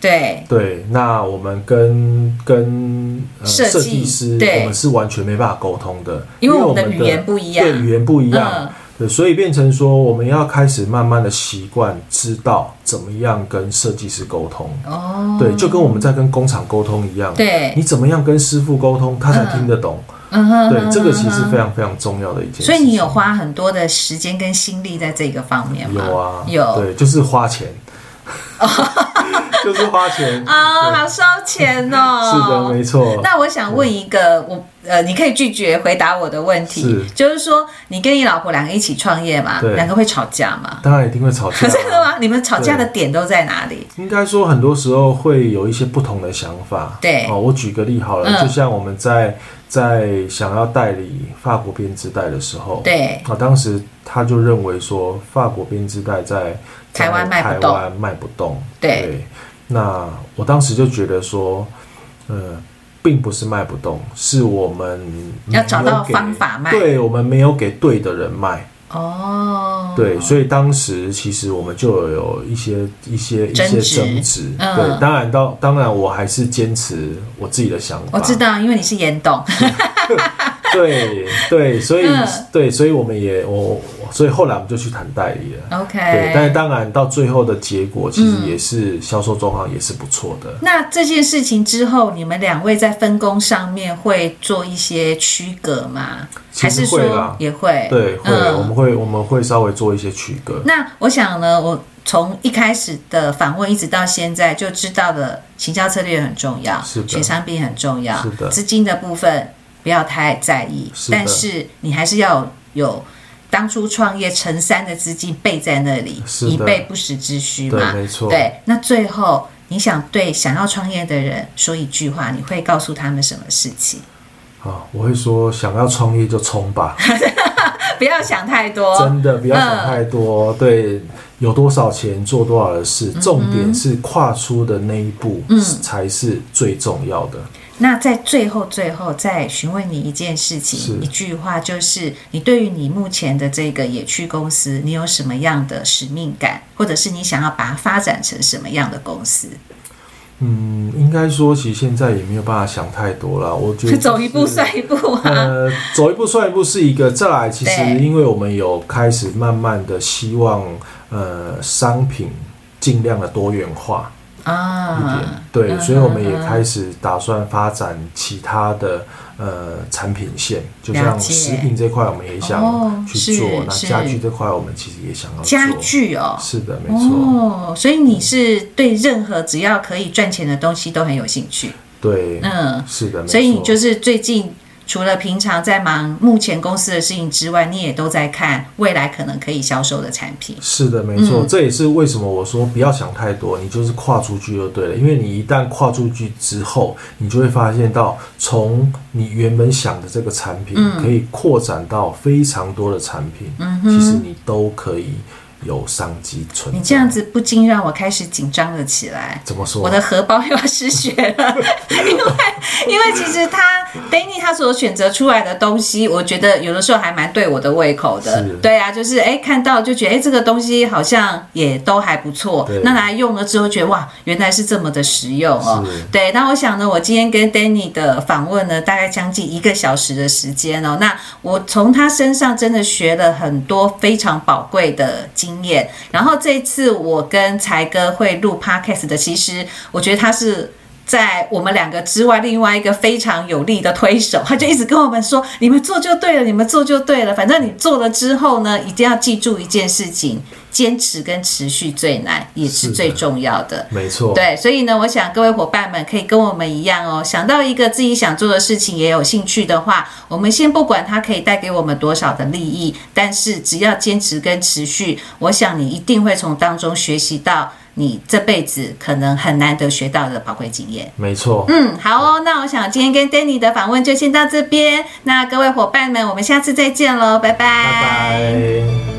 對對，那我們跟跟設計、呃、設計師，對，我們是完全沒辦法溝通的，因為我們的語言不一樣，對，語言不一樣。嗯所以變成說，我們要開始慢慢的習慣，知道怎麼樣跟設計師溝通。哦，對，就跟我們在跟工廠溝通一樣。對，你怎麼樣跟師傅溝通，他才聽得懂。嗯哼、uh-huh. 對，這個其實是非常非常重要的一件事。事。所以你有花很多的時間跟心力在這個方面嗎？有啊，有。對，就是花錢。 就是花錢啊，好燒錢哦！是的，沒錯。那我想問一個，我呃，你可以拒絕回答我的問題。就是說，你跟你老婆兩個一起創業嘛？對。兩個會吵架嗎？當然一定會吵架。可是呢，你們吵架的點都在哪裡？應該說，很多時候會有一些不同的想法。對。哦，我舉個例好了，就像我們在在想要代理法國編織袋的時候，對。啊，當時他就認為說，法國編織袋在台灣賣不動。台灣賣不動。對。那我當時就覺得說，呃，並不是賣不動，是我們沒有要找到方法賣。對，我們沒有給對的人賣。哦，對，所以當時其實我們就有，有一些一些執一些爭執。嗯、對，當然到，當當然我還是堅持我自己的想法。我知道，因為你是嚴董。 對 對對，所以對，所以我們也我，所以後來我們就去談代理了。OK，對，但是當然到最後的結果，其實也是銷售狀況也是不錯的，嗯。那這件事情之後，你們兩位在分工上面會做一些區隔嗎？其實會啦，還是說也會？對，會、啊，嗯、我們會我們會稍微做一些區隔。那我想呢，我從一開始的訪問一直到現在，就知道了行銷策略很重要，是的，選商品很重要，是的，資金的部分。不要太在意，是的但是你還是要有當初創業成三的資金備在那裡，是的以備不時之需嘛。對，沒錯。對，那最後你想對想要創業的人說一句話，你會告訴他們什麼事情？好、啊、我會說：想要創業就衝吧， 不要想太多。真的，不要想太多。嗯、對，有多少錢做多少的事，嗯嗯重點是跨出的那一步才是最重要的。嗯那在最後最後再詢問你一件事情是一句話，就是你對於你目前的這個野趣公司，你有什麼樣的使命感，或者是你想要把它發展成什麼樣的公司？嗯，應該說，其實現在也沒有辦法想太多了，我覺得是，走一步算一步啊。呃，走一步算一步是一個，再來其實因為我們有開始慢慢的希望，對呃，商品儘量的多元化。啊，對，嗯、所以我們也開始打算發展其他的、嗯、呃產品線，就像食品這塊我們也想去做，哦、那家具這塊我們其實也想要做。家具哦？是的，沒錯。哦，所以你是對任何只要可以賺錢的東西都很有興趣？嗯、對，嗯，是的，沒錯，所以就是最近。除了平常在忙目前公司的事情之外，你也都在看未來可能可以銷售的產品。是的，沒錯，嗯、這也是為什麼我說不要想太多，你就是跨出去就對了。因為你一旦跨出去之後，你就會發現到，從你原本想的這個產品，可以擴展到非常多的產品，嗯、哼其實你都可以。有商機存在，你這樣子不禁讓我開始緊張了起來。怎麼說、啊？我的荷包又要失血了。 因為，因為其實他 Danny 他所選擇出來的東西，我覺得有的時候還蠻對我的胃口的。是對啊，就是哎、欸，看到就覺得哎、欸，這個東西好像也都還不錯。對那拿來用了之後，覺得哇，原來是這麼的實用哦、喔。是對。但我想呢，我今天跟 Danny 的訪問呢，大概將近一個小時的時間哦、喔。那我從他身上真的學了很多非常寶貴的經經驗。然後這一次我跟財哥會錄 podcast 的，其實我覺得他是在我們兩個之外，另外一個非常有力的推手，他就一直跟我們說：“你們做就對了，你們做就對了。反正你做了之後呢，一定要記住一件事情：堅持跟持續最難，也是最重要的。是的，沒錯，對。所以呢，我想各位夥伴們可以跟我們一樣哦，想到一個自己想做的事情也有興趣的話，我們先不管它可以帶給我們多少的利益，但是只要堅持跟持續，我想你一定會從當中學習到。”你這輩子可能很難得學到的寶貴經驗，沒錯。嗯，好哦，那我想今天跟 Danny 的訪問就先到這邊。那各位夥伴們，我們下次再見嘍，拜拜。拜拜。